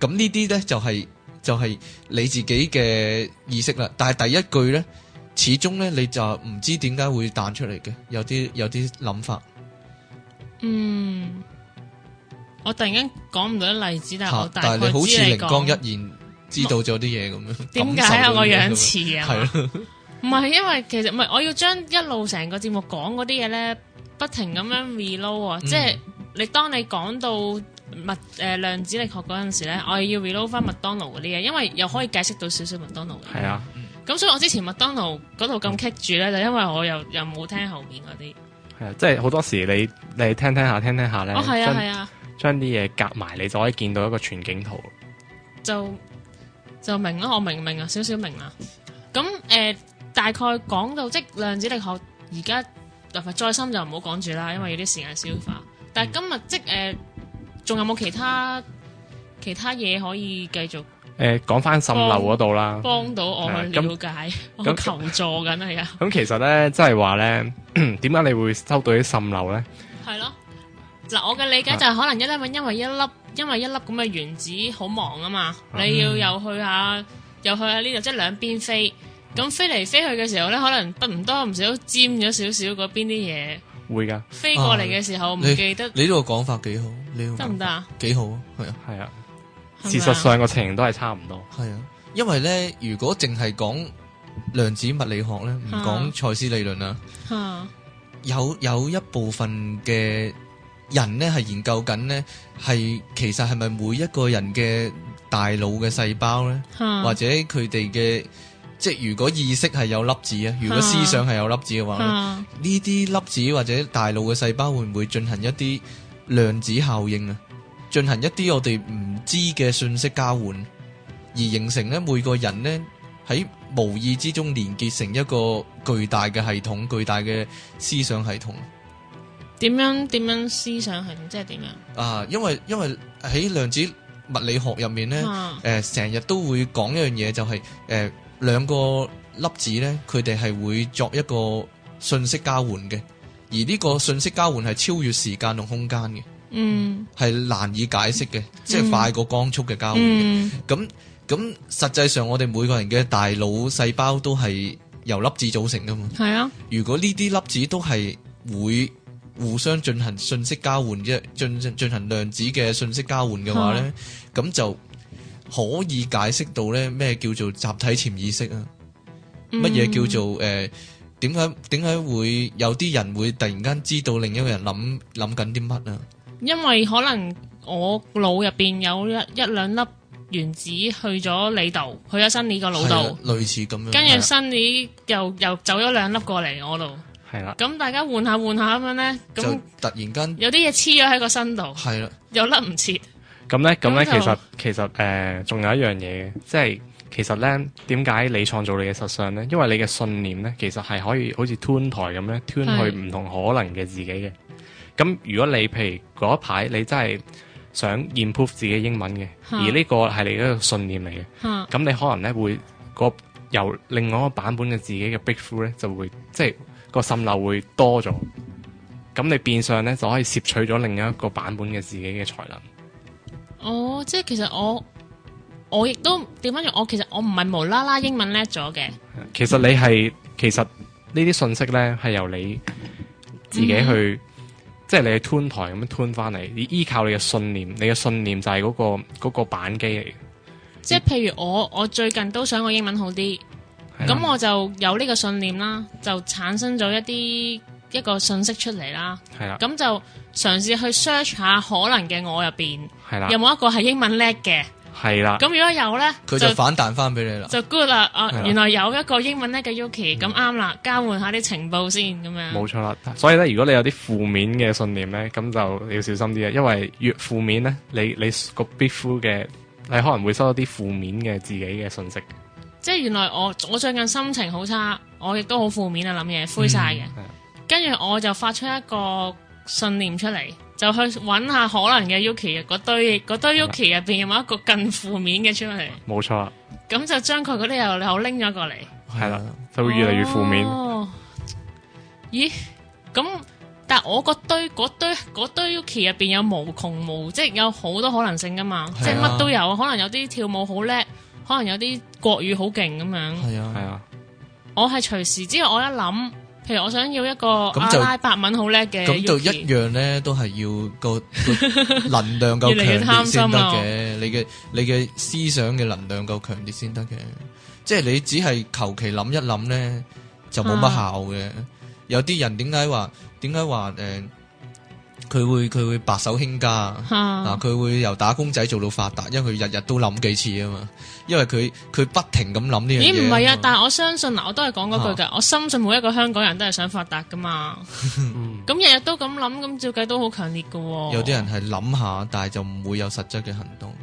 咁呢啲咧就係就係你自己嘅意識啦。但係第一句咧，始終咧你就唔知點解會彈出嚟嘅，有啲有啲諗法。嗯，我突然間講唔到例子，但係但係你好似靈光一現，知道咗啲嘢咁樣，點解我樣似啊？唔係，因為其實唔係，我要將一路成個節目講嗰啲嘢咧，不停咁樣 reload 即、哦、係、嗯就是、你當你講到物誒、呃、量子力學嗰陣時咧，我要 reload 翻麥當勞嗰啲嘢，因為又可以解釋到少少麥當勞嘅。係啊，咁所以我之前麥當勞嗰度咁 keep 住咧、嗯，就因為我又又冇聽後面嗰啲。係啊，即係好多時你你聽聽下聽聽下咧，哦係啊係啊，將啲嘢夾埋，你就可以見到一個全景圖。就就明啦，我明明啊，少少明啊。咁誒。呃大概講到即量子力學，而家哪怕再深就唔好講住啦，因為要有啲時間消化。但係今日即誒，仲有冇其他其他嘢可以繼續誒講翻滲漏嗰度啦？幫到我去了解，我求助緊係啊！咁其實咧，即係話咧，點解你會收到啲滲漏咧？係咯，嗱，我嘅理解就係可能一粒，因為一粒，因為一粒咁嘅原子好忙啊嘛，你要又去下，又去下呢度，即兩邊飛。咁飛嚟飛去嘅時候咧，可能得唔多唔少沾咗少少嗰邊啲嘢，會㗎飛過嚟嘅時候唔記得。你呢個講法幾好，得唔得啊？幾好啊，係啊係啊，事實上個情形都係差唔多。係啊，因為咧，如果淨係講量子物理學咧，唔講賽斯理論啦，有有一部分嘅人咧係研究緊咧，係其實係咪每一個人嘅大腦嘅細胞咧，或者佢哋嘅。即係如果意識係有粒子啊，如果思想係有粒子嘅話呢啲、啊、粒子或者大腦嘅細胞會唔會進行一啲量子效應啊？進行一啲我哋唔知嘅信息交換，而形成咧每個人咧喺無意之中連結成一個巨大嘅系統、巨大嘅思想系統。點樣點樣思想系統即係點樣啊？因為因為喺量子物理學入面咧，誒成日都會講一樣嘢，就係、是、誒。呃兩個粒子呢，佢哋係會作一個信息交換嘅，而呢個信息交換係超越時間同空間嘅，嗯，係難以解釋嘅，嗯，即係快過光速嘅交換嘅。咁，嗯、咁，實際上我哋每個人嘅大腦細胞都係由粒子組成噶嘛，係啊。如果呢啲粒子都係會互相進行信息交換，即進進行量子嘅信息交換嘅話呢，咁、啊、就。可以解釋到咧咩叫做集體潛意識啊？乜嘢叫做誒點解點解會有啲人會突然間知道另一個人諗諗緊啲乜啊？因為可能我腦入邊有一一兩粒原子去咗你度，去咗新李個腦度，類似咁樣。跟住新李又又走咗兩粒過嚟我度，係啦。咁大家換下換下咁樣咧，就突然間有啲嘢黐咗喺個身度，係啦，又甩唔切。咁咧，咁咧，其實其實誒，仲、呃、有一樣嘢嘅，即係其實咧，點解你創造你嘅實相咧？因為你嘅信念咧，其實係可以好似 turn 台咁咧，turn 去唔同可能嘅自己嘅。咁如果你譬如嗰一排你真係想 improve 自己英文嘅、啊，而呢個係你一個信念嚟嘅，咁、啊、你可能咧會個由另外一個版本嘅自己嘅 bleed through 咧，就會即係、就是、個滲漏會多咗。咁你變相咧就可以攝取咗另一個版本嘅自己嘅才能。哦，即係其實我我亦都調翻轉，我其實我唔係無啦啦英文叻咗嘅。其實你係其實呢啲信息呢係由你自己去，嗯、即係你去 turn 台咁樣 turn 翻嚟，你依靠你嘅信念，你嘅信念就係嗰個嗰個板機嚟嘅。即係譬如我我最近都想我英文好啲，咁、嗯、我就有呢個信念啦，就產生咗一啲，一個信息出嚟啦，咁就嘗試去 search 下可能嘅我入邊，有冇一個係英文叻嘅，咁如果有咧，佢就，就反彈翻俾你啦，就 good 啦，哦、啊，原來有一個英文叻嘅 Yuki，咁啱啦，交換下啲情報先咁樣，冇錯啦。所以咧，如果你有啲負面嘅信念咧，咁就要小心啲啊，因為越負面咧，你你個 bifu 嘅，你可能會收到啲負面嘅自己嘅信息。即係原來我我最近心情好差，我亦都好負面啊，諗嘢灰晒嘅。嗯跟住我就發出一個信念出嚟，就去揾下可能嘅 Yuki 嘅嗰堆、堆，Yuki 入邊有冇一個更負面嘅出嚟？冇錯。咁就將佢嗰啲又又拎咗過嚟。係、嗯、啦，就會越嚟越負面、哦。咦？咁但係我嗰堆、嗰堆、嗰堆 Yuki 入邊有無窮無，即係有好多可能性噶嘛？是啊、即係乜都有，可能有啲跳舞好叻，可能有啲國語好勁咁樣。係啊係啊。我係隨時之後我一諗。譬如我想要一個阿拉，啊、伯文好叻嘅，咁就一樣咧，都係要個，個能量夠強啲先得嘅。你嘅你嘅思想嘅能量夠強啲先得嘅。即係你只係求其諗一諗咧，就冇乜效嘅、啊。有啲人點解話，點解話誒佢會佢會白手興家啊！嗱，佢會由打工仔做到發達，因為佢日日都諗幾次啊嘛。因為佢佢不停咁諗呢樣嘢。咦，唔係啊，但係我相信嗱，我都係講嗰句噶、啊。我相信每一個香港人都係想發達噶嘛。咁日日都咁諗，咁照計都好強烈噶、哦。 有啲人係諗下，但係就唔會有實質嘅行動。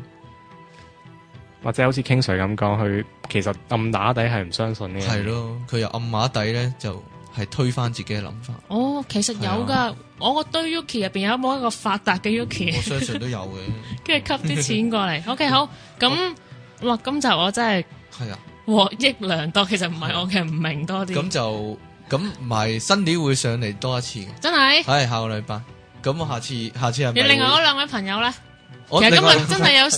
或者好似 King Sir 咁講，佢其實暗打底係唔相信呢。係咯，佢又暗打底咧就。係推翻自己嘅諗法。哦，其實有噶、啊，我個堆 Yuki 入邊有冇一個發達嘅 Yuki？我相信都有嘅。跟住吸啲錢過嚟。 OK，好。咁，哇，咁就我真係係啊，獲益良多。啊、其實唔係我嘅唔、啊、明多啲。咁就咁，唔係新年會上嚟多一次。真係。係、哎、下個禮拜。咁我下次下次有。而另外嗰兩位朋友啦，其實今日真係有，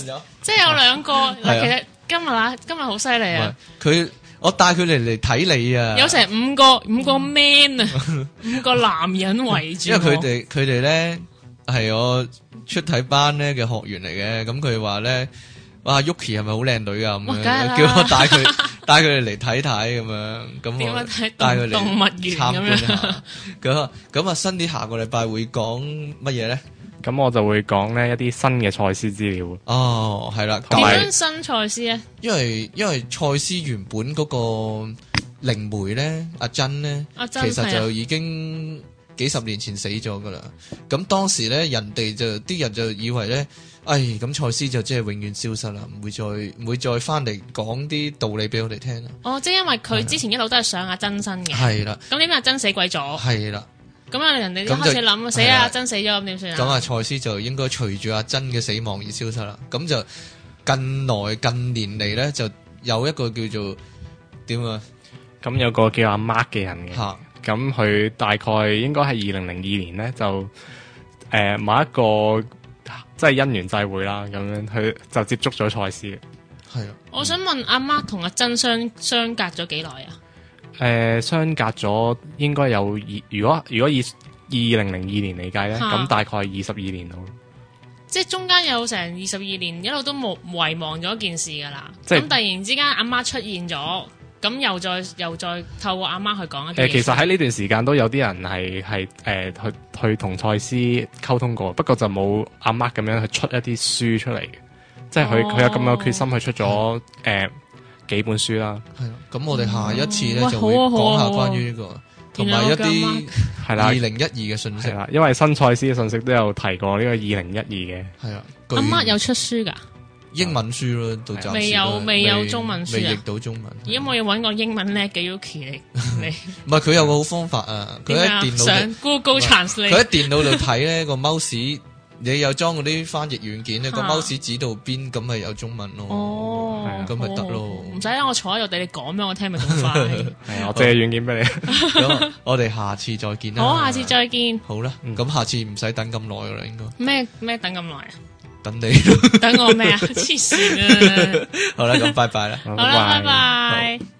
即係有兩個。其實今日啦、 啊，今日好犀利啊！佢、啊。我帶佢嚟嚟睇你啊！有成五個五個 man 啊、嗯，五個男人圍住。 因為佢哋佢哋咧係我出體班咧嘅學員嚟嘅，咁佢話咧，哇，Yuki 係咪好靚女啊？咁樣叫我帶佢帶佢哋嚟睇睇咁樣，咁帶佢嚟動物園咁 樣。咁咁啊，Sandy 下個禮拜會講乜嘢咧？咁我就會講呢一啲新嘅賽斯資料。哦，係啦，點樣新賽斯咧？因為因為賽斯原本嗰個靈媒咧，阿珍咧，阿珍，其實就已經幾十年前死咗噶啦。咁、啊、當時咧，人哋就啲人就以為咧，哎，咁賽斯就即係永遠消失啦，唔會再唔會再翻嚟講啲道理俾我哋聽啦。哦，即係因為佢之前一路都係上阿珍身嘅。係啦、啊。咁點解阿珍死鬼咗？係啦、啊。咁啊，人哋都開始諗，死啊，珍死咗咁點算啊？咁啊，蔡司就應該隨住阿珍嘅死亡而消失啦。咁就近來近年嚟咧，就有一個叫做點啊？咁有個叫阿 Mark 嘅人嘅，咁佢大概應該係二零零二年咧，就誒某、呃、一個即係姻緣際會啦，咁樣佢就接觸咗蔡司。係啊，我想問阿、嗯啊、Mark 同阿珍相相隔咗幾耐啊？誒、呃、相隔咗應該有二，如果如果以二零零二年嚟計咧，咁大概二十二年到。即係中間有成二十二年一路都冇遺忘咗件事㗎啦。咁突然之間阿媽，媽出現咗，咁又再又再透過阿媽，媽去講一啲。誒、呃、其實喺呢段時間都有啲人係係、呃、去去同賽斯溝通過，不過就冇阿媽咁樣出出、哦、去出一啲書出嚟嘅，即係佢佢有咁嘅決心去出咗誒。幾本書啦，係、嗯、咯，咁我哋下一次咧就會講下關於呢、這個，同、嗯、埋、啊啊啊啊、一啲係啦二零一二嘅信息啦，因為新賽斯嘅信息都有提過呢、這個二零一二嘅，係啊，阿乜有出書噶？英文書咯，到暫時、嗯、未有未有中文書啊，未未譯到中文，而家我要揾個英文叻嘅 Yuki 唔係佢有個好方法啊，佢喺電腦上 Google Translate，佢喺電腦度睇咧個 mouse。你又裝嗰啲翻譯軟件咧，個 mouse 指到邊，咁咪有中文咯，咁咪得咯，唔使啦，我坐喺度等你講俾我聽咪快，係 我借軟件俾你，我哋下次再見啦，好，下次再見，好啦，咁下次唔使等咁耐啦，應該咩咩等咁耐啊？等你，等我咩啊？黐 線，好啦，咁拜拜啦，好啦，拜拜。Bye bye